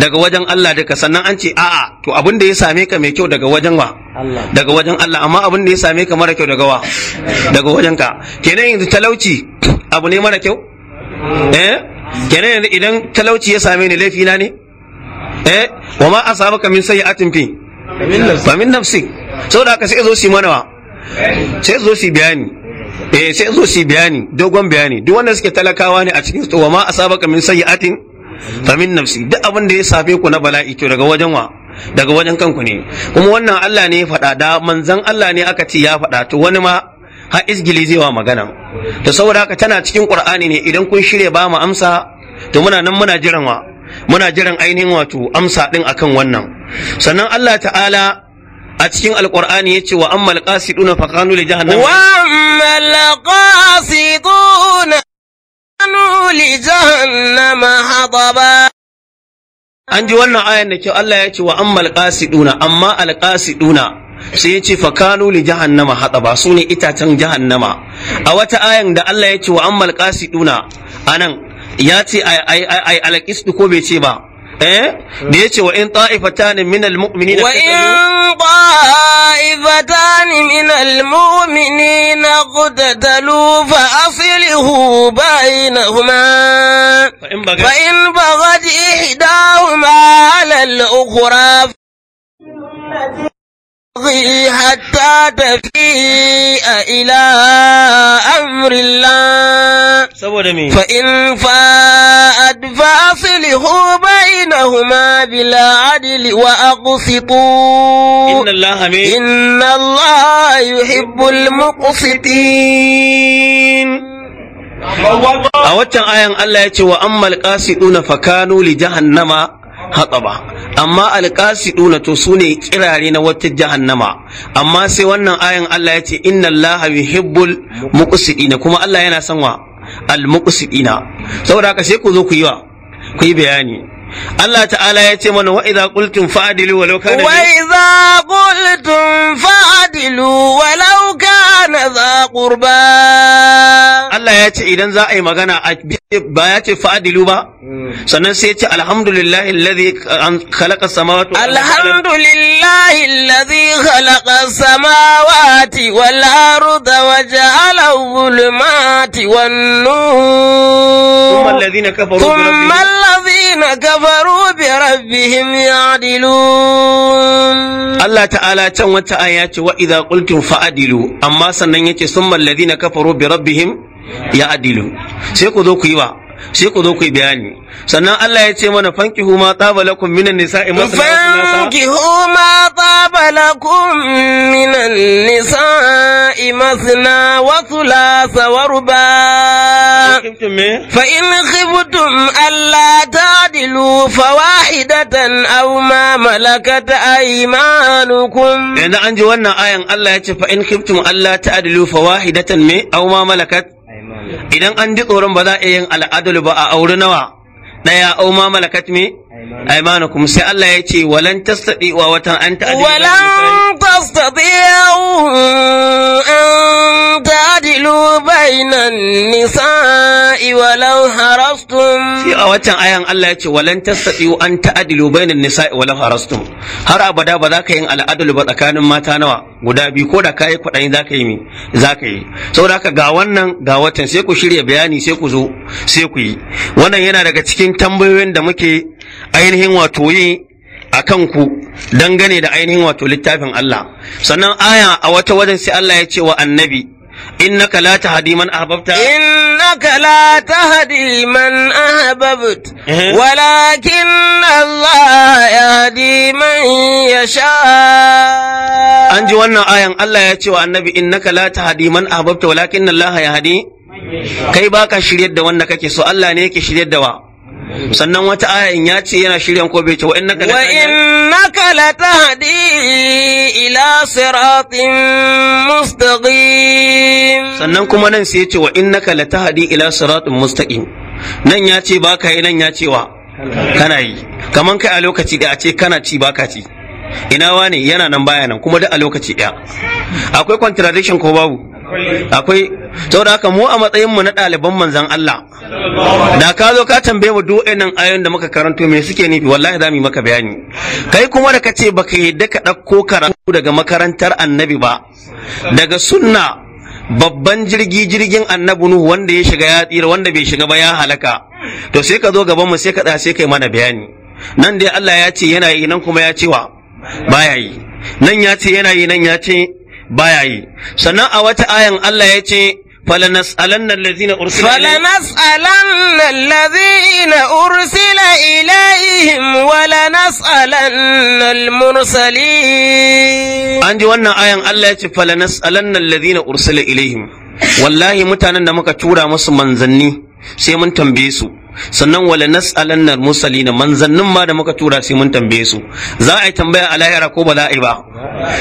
daga wajen Allah duka sannan an ce a'a to abin da ya same ka mai kyau daga wajen wa daga wajen Allah amma abin da ya same ka mara kyau daga wa daga wajen ka kenan yanzu talauci abu ne mara kyau eh kenan yanzu idan talauci ya same ni laifi na ne eh wa ma asabaka min sayyi'atin fi fa min nafsi saboda haka sai zo su manawa sai zo su bayani eh sai zo su bayani dogon bayani duk wanda suke talakawa ne a cikin su wa ma asabaka min sayyi'atin fa min nafsi duk abin da ya safe ku na bala'i to daga wajen wa daga wajen kanku ne kuma wannan Allah ne ya faɗa da manzon Allah ne aka ce ya faɗa to wani ma har izgili zai wa magana to saboda haka tana cikin qur'ani ne idan kun shirya ba mu amsa to muna nan muna jiran wa muna jiran ainihin wato amsa din akan wannan sannan Allah ta'ala a cikin alqur'ani yace wa ammal qasiduna fa kanu li jahannam wa ammal qasiduna kanu li jahannam hadaba an ji wannan ayan da kyau Allah ya ce wa ammal qasiduna amma al sai ya ce fa kanu li jahannama hataba su ne itacen jahannama a wata ayan da Allah ya ce wa ammal qasiduna anan ya ce ai alqisdu ko bai ce ba eh da ya ce wa in ta'ifatan min almu'minin wa in ta'ifatan min almu'minin qadatalu fa aslihu bainahuma fa in bagat ihdahuma ala al-ukhra به حتى تفيء إلى أمر الله فإن فاءت فأصله بينهما بالعدل وأقسطوا إن الله, إن الله يحب المقسطين a waccan ayan Allah ya ce wa ammal qasiduna fakanu li jahannama ba, amma ɗuna to su ne kirare na wata jahannama amma sai wannan ayan Allah ya ce inna Allah yuhibbul muqsidina kuma Allah yana son wa al muqsidina saboda haka sai ku zo ku yi wa ku yi bayani Allah ta'ala ya ce mana wa'iza qultum fa'adilu walau kana wa'iza walau kana za qurba Allah ya ce idan za a yi magana ba ya ce fa'adilu ba sannan sai ya ce alhamdulillahi alladhi khalaqa samawati alhamdulillahi alladhi khalaqa samawati wal arda wa ja'ala dhulumati wan nur thumma كفروا بربهم يعدلون الله تعالى كان وتآيات وإذا قلتم فأدلوا أما سنن يتي ثم الذين كفروا بربهم يعدلون سيكو ذوكي sai ku zo ku bayani sannan Allah ya ce mana fankihu ma taba lakum minan nisa'i Fanki ma taba lakum minan nisa'i masna wa thulatha wa ruba fa in khiftum alla ta'dilu fawahidatan aw ma malakat aymanukum yanzu an ji wannan ayan Allah ya ce fa in khiftum alla ta'dilu fawahidatan me aw ma malakat idan an ji tsoron ba za a yin al'adul ba a auri nawa daya au ma malakat me aymanukum sai Allah ya ce walan tastati wa watan an ta'adi ta'dilu bainan nisa'i walau harastum shi a watan ayan Allah yace ce walan tastati'u an ta'dilu bainan nisa'i walau harastum har abada ba za ka yin al'adul ba tsakanin mata nawa guda biyu ko da kai kuɗin za ka yi mi Zaka ka yi saboda haka ga wannan ga watan sai ku shirya bayani sai ku zo sai ku yi wannan yana daga cikin tambayoyin da muke ainihin wato yi a kanku dangane da ainihin wato littafin Allah sannan aya a wata wajen sai Allah ya ce wa annabi innaka la tahdi man ahbabta innaka la tahdi man ahbabt eh. walakin Allah yahdi man yasha an ji wannan ayan Allah ya ce wa annabi innaka la tahdi man ahbabta walakin Allah yahdi kai baka shiryar da wanda kake so Allah ne yake shiryar da wa sannan wata ayan ya ce yana shirya ko bai ce wa innaka wa innaka latahdi ila siratin mustaqim sannan kuma nan sai ya ce wa innaka latahdi ila siratin mustaqim nan ya ce baka yi nan ya ce wa kana yi kaman kai a lokaci da a ce kana ci baka ci ina wane yana nan baya nan kuma duk a lokaci ɗaya akwai contradiction ko babu akwai saboda haka mu a matsayin mu na ɗaliban manzan Allah da ka zo ka tambaye mu duk nan ayoyin da muka karanto me suke nufi wallahi za mu yi maka bayani kai kuma da kace baka yadda ka ɗauko karatu daga makarantar annabi ba daga sunna babban jirgi jirgin annabi nuhu wanda ya shiga ya tsira wanda bai shiga ba ya halaka to sai ka zo gaban mu sai ka sai kai mana bayani nan dai Allah ya ce yana yi nan kuma ya ce wa baya yi nan ya ce yana yi nan ya ce baya yi sannan a wata ayan Allah ya ce فلنسألن الذين أرسل فلنسألن الذين أرسل إليهم ولنسألن المرسلين أنجي وانا آيان الله يتي فلنسألن الذين أرسل إليهم والله متانا نمك تورا مس منزني سيمن تنبيسو sannan wala nas'alanna mursalina manzannin ma da muka tura sai mun tambaye su za a yi tambaya a lahira ko ba za ba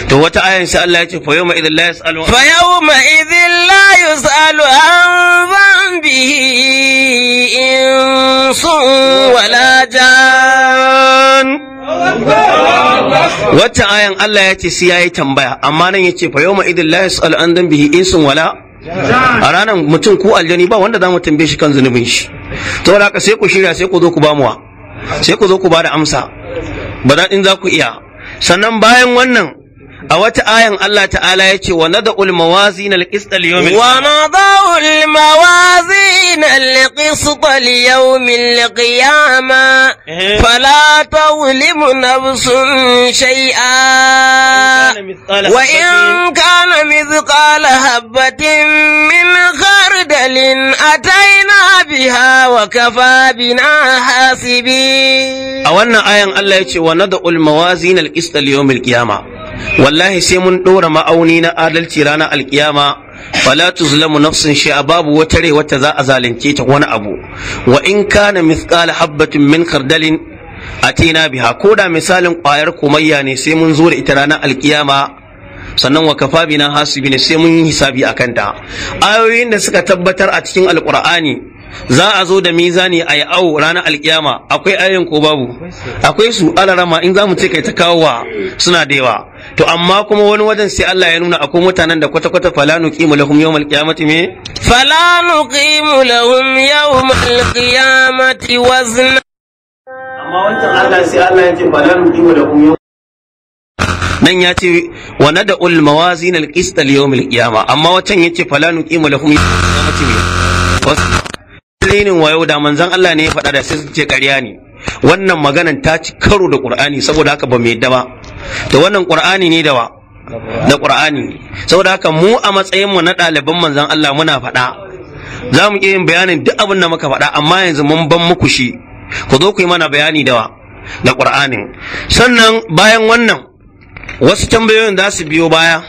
to wata aya sai Allah ya ce fa yawma idhil la yas'alu fa yawma idhil la yus'alu an dhanbihi insun wala jan wata ayan Allah ya ce sai yayi tambaya amma nan yace fa yawma idhil la yas'alu an dhanbihi insun wala a ranar mutum ku aljani ba wanda za mu tambaye shi kan zunubin shi to da haka sai ku shirya sai ku zo ku ba sai ku zo ku ba da amsa ba daɗin za ku iya sannan bayan wannan a wata ayan Allah ta'ala ya ce wa nada'ul mawazin al-qist al-yawm wa nada'ul mawazin al-qist al-yawm al-qiyama eh. fala tawlim nafsun shai'a. wa in kana mithqala habbatin min khardalin ataina biha wa kafa bina hasibi a wannan ayan Allah ya ce wa nada'ul mawazin al-qist al-yawm al-qiyama wallahi sai mun ɗora ma'auni na adalci ranar alkiyama fala tuzlamu nafsin shi'a babu wata rai wata za a zalunce ta wani abu wa in kana mithqala habbatin min khardalin atina biha ko da misalin ƙwayar komayya ne sai mun zo da ita ranar alkiyama sannan wa kafa bina hasibi ne sai mun yi hisabi a kanta ayoyin da suka tabbatar a cikin alkur'ani za a zo da mizani a yi awo ranar alkiyama akwai ayoyin ko babu akwai su alarama in za mu ce kai ta kawowa suna da yawa to amma kuma wani wajen sai Allah ya nuna akwai mutanen da kwata kwata fala nuqimu lahum yawmal qiyamati me fala nuqimu lahum yawmal qiyamati wazna amma wancan Allah sai Allah ya ce fala nuqimu lahum nan ya ce wa nada ul mawazin al qist al yawm al qiyama amma wancan yace fala nuqimu lahum yawmal qiyamati me wazna linin wayo da manzon Allah ne ya faɗa da sai sun ce ƙarya ne wannan maganan ta ci karo da Qur'ani saboda haka ba mai yadda ba to wannan qur'ani ne da da qur'ani saboda haka mu a matsayin mu na ɗaliban manzon Allah muna faɗa za mu iya yin bayanin duk abin da muka faɗa amma yanzu mun ban muku shi ku zo ku yi mana bayani da wa da qur'anin sannan bayan wannan wasu tambayoyin za su biyo baya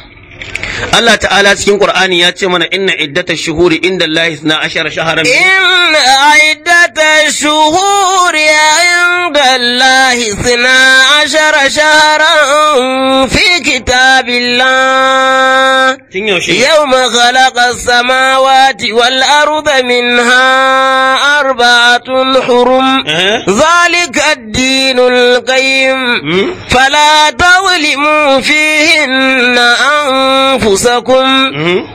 الله تعالى سكين قرآن ياتي من إن عدة الشهور عند الله عشر شهرا إن عدة الشهور عند الله عشر شهرا في كتاب الله يوم خلق السماوات والأرض منها أربعة حرم ذلك الدين القيم فلا تظلموا فيهن أنفسهم أنفسكم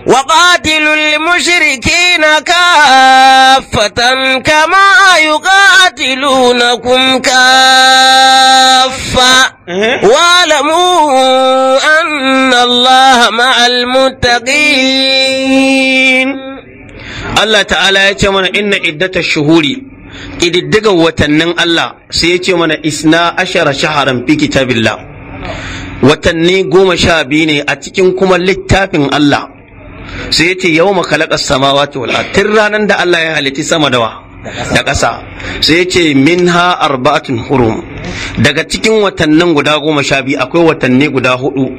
وقاتلوا المشركين كافة كما يقاتلونكم كافة واعلموا أن الله مع المتقين الله تعالى يتمنى إن عدة الشهور ƙididdigan watannin Allah sai ya ce mana isna ashara shaharan fi kitabillah watanni goma sha biyu ne a cikin kuma littafin Allah sai ya ce yau makalakar samawa ta wala tun ranar da Allah ya halitti sama dawa da ƙasa sai ya ce min ha arba'atun hurum daga cikin watannin guda goma sha biyu akwai watanni guda hudu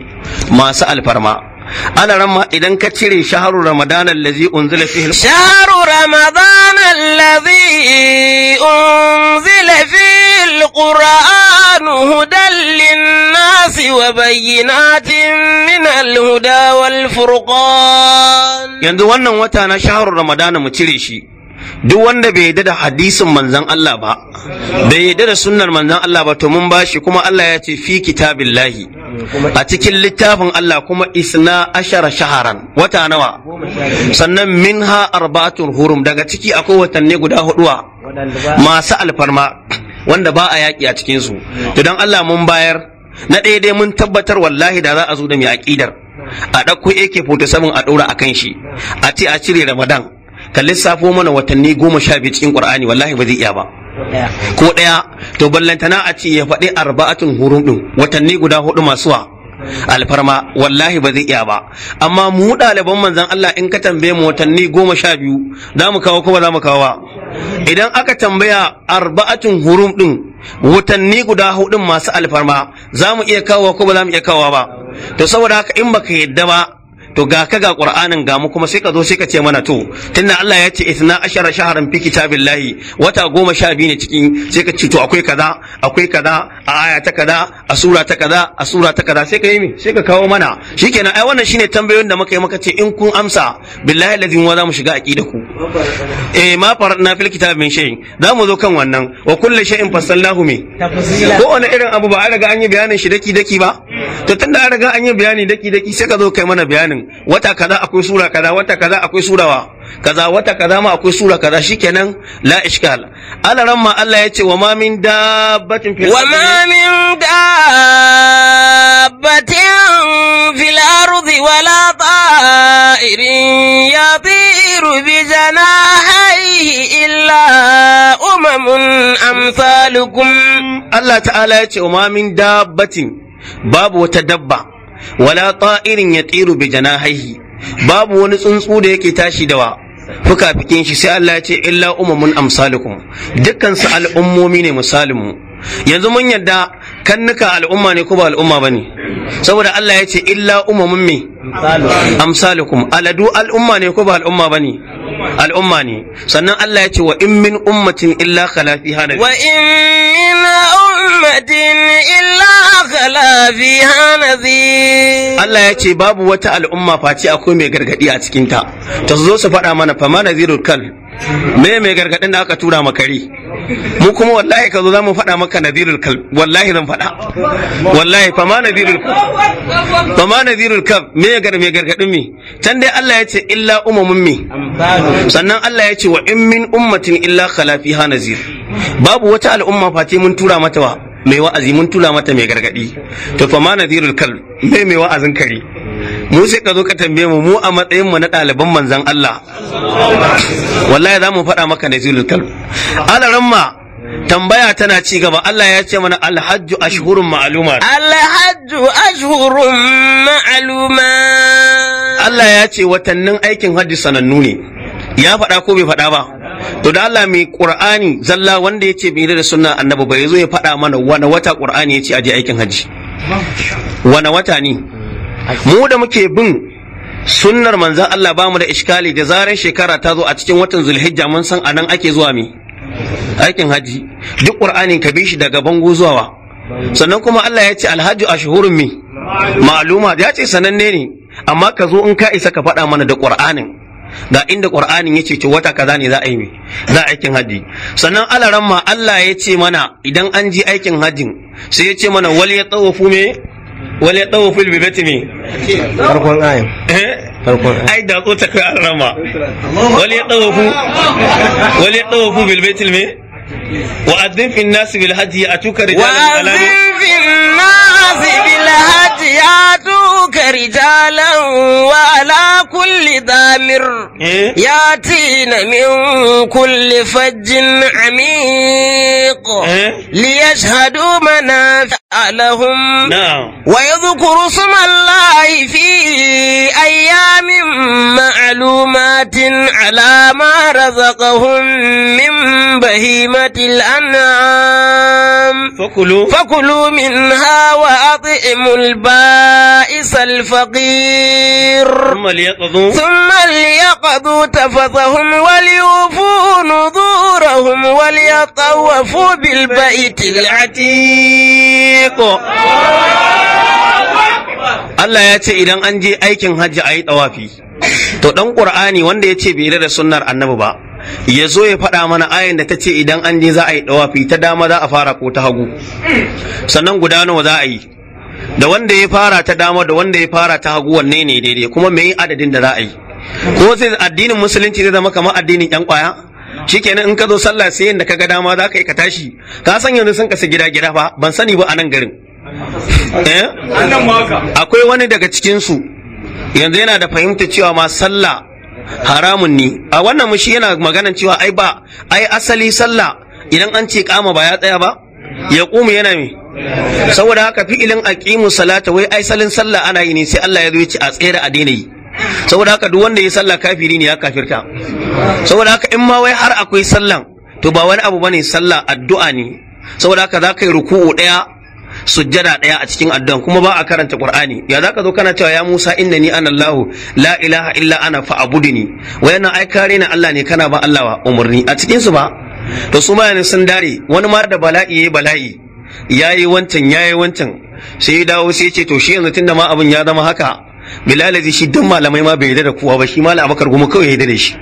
masu alfarma ana ramma idan ka cire shaharu ramadan allazi unzila fihi shaharu ramadan allazi unzila fihi alquran hudan linnas wa bayyinatin min alhuda wal furqan yanzu wannan wata na shaharar ramadana mu cire shi duk wanda bai yadda da hadisin manzan Allah ba bai yadda da sunnar manzan Allah ba to mun bashi kuma Allah ya ce fi kitabillahi a cikin littafin Allah kuma isna ashara shaharan wata nawa sannan minha arbatun hurum daga ciki akwai watanni guda huduwa masu alfarma wanda ba a yaƙi a cikin su to dan Allah mun bayar na ɗaya dai mun tabbatar wallahi da za a zo da mai aƙidar a ɗauko foto samun a ɗora a kan shi a ce a cire Ramadan ka lissafo mana watanni goma sha biyu cikin qur'ani wallahi ba zai iya ba ko daya to ballantana a ce ya faɗi arba'atun hurum din watanni guda hudu masu wa alfarma wallahi ba zai iya ba amma mu ɗaliban manzan Allah in ka tambaye mu watanni goma sha biyu za mu kawo kuma za mu kawo ba idan aka tambaya arba'atun hurum din watanni guda hudun masu alfarma za mu iya kawo ko ba za mu iya kawo ba to saboda haka in baka yadda ba to ga ka ga qur'anin ga mu kuma sai ka zo sai ka ce mana to tunda Allah ya ce itna ashara shahran fi kitabillahi wata goma sha biyu ne cikin sai ka ce to akwai kaza akwai kaza a aya ta kaza a sura ta kaza a sura ta kaza sai ka yi mi sai ka kawo mana shikenan ai wannan shine tambayoyin da muka yi maka ce in kun amsa billahi ladhi wa za mu shiga aqida ku eh ma faradna fil kitab min shay za mu zo kan wannan wa kullu shay'in fasallahu mi ko wani irin abu ba a riga an yi bayanin shi daki daki ba to tunda an riga an yi bayani daki daki sai ka zo kai mana bayanin wata kaza akwai sura kaza wata kaza akwai sura wa kaza wata kaza ma akwai sura kaza shikenan la ishkal alaran ma Allah ya ce wa ma min dabbatin fil wa ma min dabbatin fil ardi wala ta'irin yatiru bi janahihi illa umamun amsalukum Allah ta'ala ya ce wa ma min dabbatin babu wata dabba wala ta'irin ya tsiru bi janahaihi babu wani tsuntsu da yake tashi da fuka-fikin shi sai Allah ya ce illa umamun amsalukum dukkan su al'ummomi ne misalinmu yanzu mun yadda kannuka al'umma ne ko ba al'umma bane saboda Allah ya ce illa umamun me amsalukum aladu al'umma ne ko ba al'umma bane al'umma ne sannan Allah ya ce wa in min ummatin illa khala fiha wa in min Muhammad illa khala fiha nadhir Allah ya ce babu wata al'umma face akwai mai gargadi a cikin ta ta zo su faɗa mana fama nadhirul kal me mai gargadin da aka tura makari mu kuma wallahi ka zo za mu faɗa maka nadhirul kal wallahi zan faɗa wallahi fama nadhirul fama nadhirul kal me gar mai gargadin mi can dai Allah ya ce illa umamun mi sannan Allah ya ce wa in min ummatin illa khala fiha nadhir babu wata al'umma Fati mun tura mata wa mai wa'azi mun tula mata mai gargadi to fa ma nadhirul kalb mai mai wa'azin kare mu sai ka zo ka tambaye mu mu a matsayin mu na ɗaliban manzan Allah wallahi za mu faɗa maka nadhirul kalb alaramma tambaya tana ci gaba Allah ya ce mana alhajju ashhurun ma'luma alhajju ashhurun ma'luma Allah ya ce watannin aikin hajji sanannu ne ya faɗa ko bai faɗa ba to da Allah mai Qur'ani zalla wanda yace bai da sunna annabi bai zo ya faɗa mana wani wata Qur'ani yace aje aikin haji wani wata ne mu da muke bin sunnar manzan Allah bamu da iskali da zarar shekara ta zo a cikin watan Zulhijja mun san anan ake zuwa me aikin haji duk ƙur'ani ka bi shi daga bango zuwa sannan kuma Allah ya ce alhaji ashhurun mi ma'luma ya ce sananne ne amma ka zo in ka isa ka faɗa mana da ƙur'anin. ga inda qur'anin ya ce wata kaza ne za a yi za a aikin haji sannan alaran ma Allah ya ce mana idan an ji aikin hajjin sai ya ce mana wal ya tawafu me wal ya tawafu bi baiti me farkon ayin eh? farkon ai da tsota kai alaran ma wal ya tawafu wal ya tawafu bil baiti me wa adin fi nas bil hajji atuka rijalan alamu wa adin fi nas الهج ياتوك رجالا وعلى كل دامر إيه؟ ياتين من كل فج عميق إيه؟ ليشهدوا منافع لهم نعم. ويذكروا اسم الله في أيام معلومات على ما رزقهم من بهيمة الأنعام فكلوا, فكلوا منها وأطعموا يطعم البائس الفقير ثم ليقضوا تفثهم وليوفوا نذورهم وليطوفوا بالبيت العتيق Allah ya ce idan an je aikin hajji ayi tawafi to dan qur'ani wanda yace ce bai da sunnar annabi ba ya zo ya faɗa mana ayin da ta ce idan an je za a yi tawafi ta dama za a fara ko ta hagu sannan guda nawa za a yi da wanda ya fara ta dama da wanda ya fara ta hagu wanne ne daidai kuma me adadin da za a yi ko sai addinin musulunci zai zama kamar addinin yan kwaya shikenan in ka zo sallah sai ka ga dama za ka yi ka tashi ka san yanzu sun kasa gida gida fa ban sani ba a nan garin eh? akwai wani daga cikinsu. yanzu yana da fahimta cewa ma sallah haramun ne a wannan mushi yana maganan cewa ai ba ai asali sallah idan an ce kama ba ya tsaya ba ya kuma yana me saboda haka fi'ilin aqimu salata wai ai salin sallah ana yi ne sai Allah ya zo ci a tsere a daina yi saboda haka duk wanda ya sallah kafiri ne ya kafirta saboda haka in ma wai har akwai sallan to ba wani abu bane sallah addu'a ne saboda haka za yi ruku'u daya sujjada daya a cikin addu'an kuma ba a karanta qur'ani ya zaka zo kana cewa ya musa innani ana allah la ilaha illa ana fa'budni wayannan ai kare ni allah ne kana ba allah wa umurni a cikin su ba to su ma sun dare wani ma da bala'i yayi bala'i yayi wancan yayi wancan sai ya dawo sai ya ce to shi yanzu tunda ma abin ya zama haka zai shi duk malamai ma bai yarda da kowa ba shi malam abakar goma kawai yarda da shi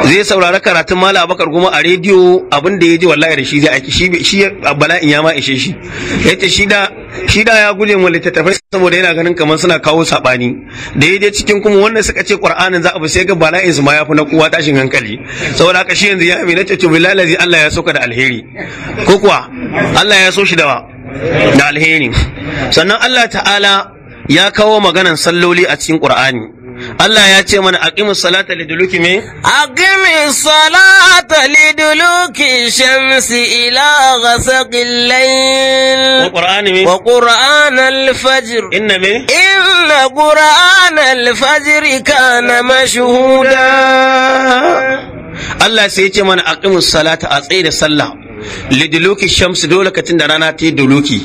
zai saurara karatun malam abakar goma a rediyo abin da ya ji wallahi da shi zai aiki shi bala'in ya ma ishe shi yace shi da shi da ya guje mu littattafai saboda yana ganin kamar suna kawo sabani da ya je cikin kuma wannan suka ce qur'anin za a bi sai ga bala'in su ma yafi na kowa tashin hankali saboda haka shi yanzu ya amina ce to zai Allah ya soka da alheri ko kuwa Allah ya so shi da da alheri sannan Allah ta'ala ya kawo maganan salloli a cikin Qur'ani Allah ya ce mana aqimi salata liduluki me aqimi salata liduluki shamsi ila ghasaqil layl wa qur'ani me wa qur'an al-fajr inna me inna qur'an al-fajr kana mashhuda Allah sai ya ce mana aqimus salata a tsaye da sallah liduluki shamsi dole katin da rana ta yi duluki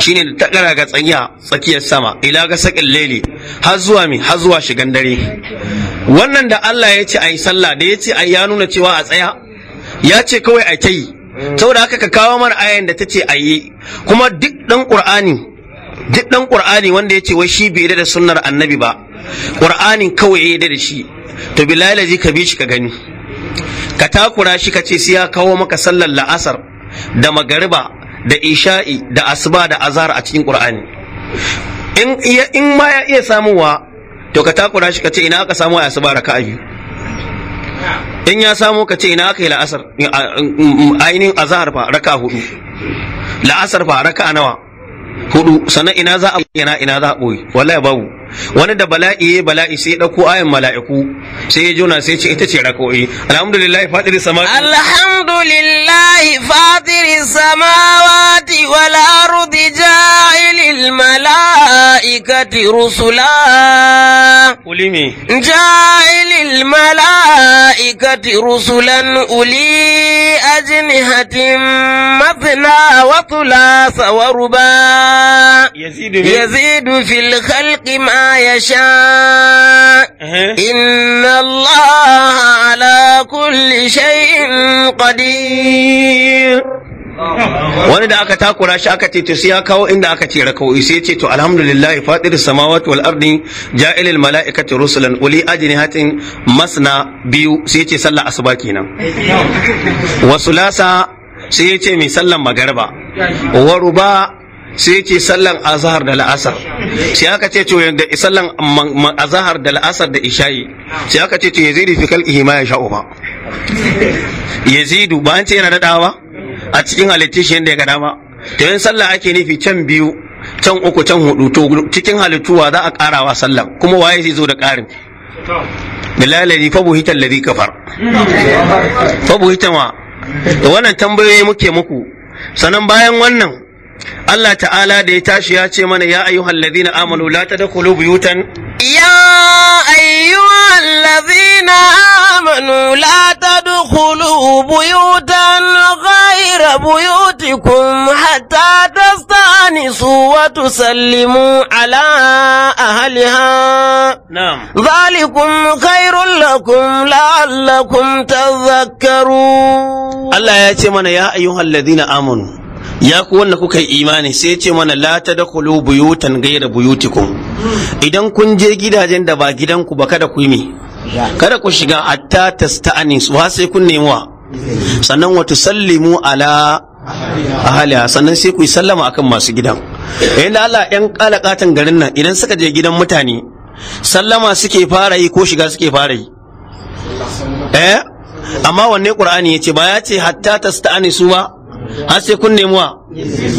shine da takara ga tsakiya tsakiyar sama ila ga sakin lele har zuwa mi har zuwa shigan dare wannan da Allah ya ce ayi sallah da ya ce ayi ya nuna cewa a tsaya ya ce kawai a ta yi saboda haka ka kawo mana ayan da ta ce a yi kuma duk dan qur'ani duk dan qur'ani wanda ya ce wai shi bai da sunnar annabi ba ƙur'ani kawai ya da shi to billahi ka bi shi ka gani ka takura shi ka ce sai ya kawo maka sallar la'asar da magariba da isha'i da asuba da azhar a cikin qur'ani in in ma ya iya samuwa to ka takura shi ka ce ina aka samu a asuba raka'a biyu in ya samu ka ce ina aka yi la'asar ainihin azhar fa raka hudu la'asar fa raka nawa hudu sannan ina za a yana ina za a boye wallahi babu wani da bala'i ya bala'i sai ya dauko ayan mala'iku sai ya jona sai ce ita ce rako'i alhamdulillah fadiri samawati alhamdulillah fadiri samawati wal ardi ja للملائكة رسلا ولمي جاعل الملائكة رسلا أولي أجنحة مثنى وثلاث ورباع يزيد, يزيد في الخلق ما يشاء إن الله على كل شيء قدير wani da aka takura shi aka ce to sai ya kawo inda aka ce raka'o'i sai ya ce to alhamdulillah fadir samawati wal ardi ja'ilil mala'ikati rusulan uli ajnihatin masna biyu sai ya ce sallah asuba kenan sulasa sai ya ce mai sallan magarba wa ruba sai ya ce sallan azahar da la'asar sai aka ce to yanda sallan azahar da la'asar da isha'i sai aka ce to yazidu fi kalqihi ma yasha'u ba yazidu ba an ce yana dadawa a cikin halittu shi yadda ya ga dama to yin sallah ake nufi can biyu can uku can hudu to cikin halittu wa za a karawa sallah kuma waye zai zo da karin fa ladhi fabuhita alladhi kafar Fa fabuhita ma to wannan tambayoyi muke muku sannan bayan wannan Allah ta'ala da ya tashi ya ce mana ya ayyuhal ladina amanu la tadkhulu buyutan أيها الذين آمنوا لا تدخلوا بيوتا غير بيوتكم حتى تستأنسوا وتسلموا على أهلها نعم ذلكم خير لكم لعلكم تذكرون الله يأتي من يا أيها الذين آمنوا يا كون كوكي إيماني سيتي من لا تدخلوا بيوتا غير بيوتكم idan kun je gidajen da ba gidanku ba kada ku yi me kada ku shiga atta tasta'anis wa sai kun nemi wa sannan wa tusallimu ala ahaliya sannan sai ku yi sallama akan masu gidan yayin da Allah yan kalakatan garin nan idan suka je gidan mutane sallama suke fara yi ko shiga suke fara yi eh amma wanne qur'ani yace ba ya ce hatta tasta'anisu ba har sai kun nemi wa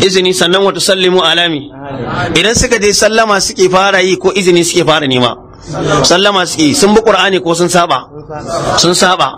izini sannan wata sallimu alami idan suka je sallama suke fara yi ko izini suke fara nema sallama suke sun bi qur'ani ko sun saba sun saba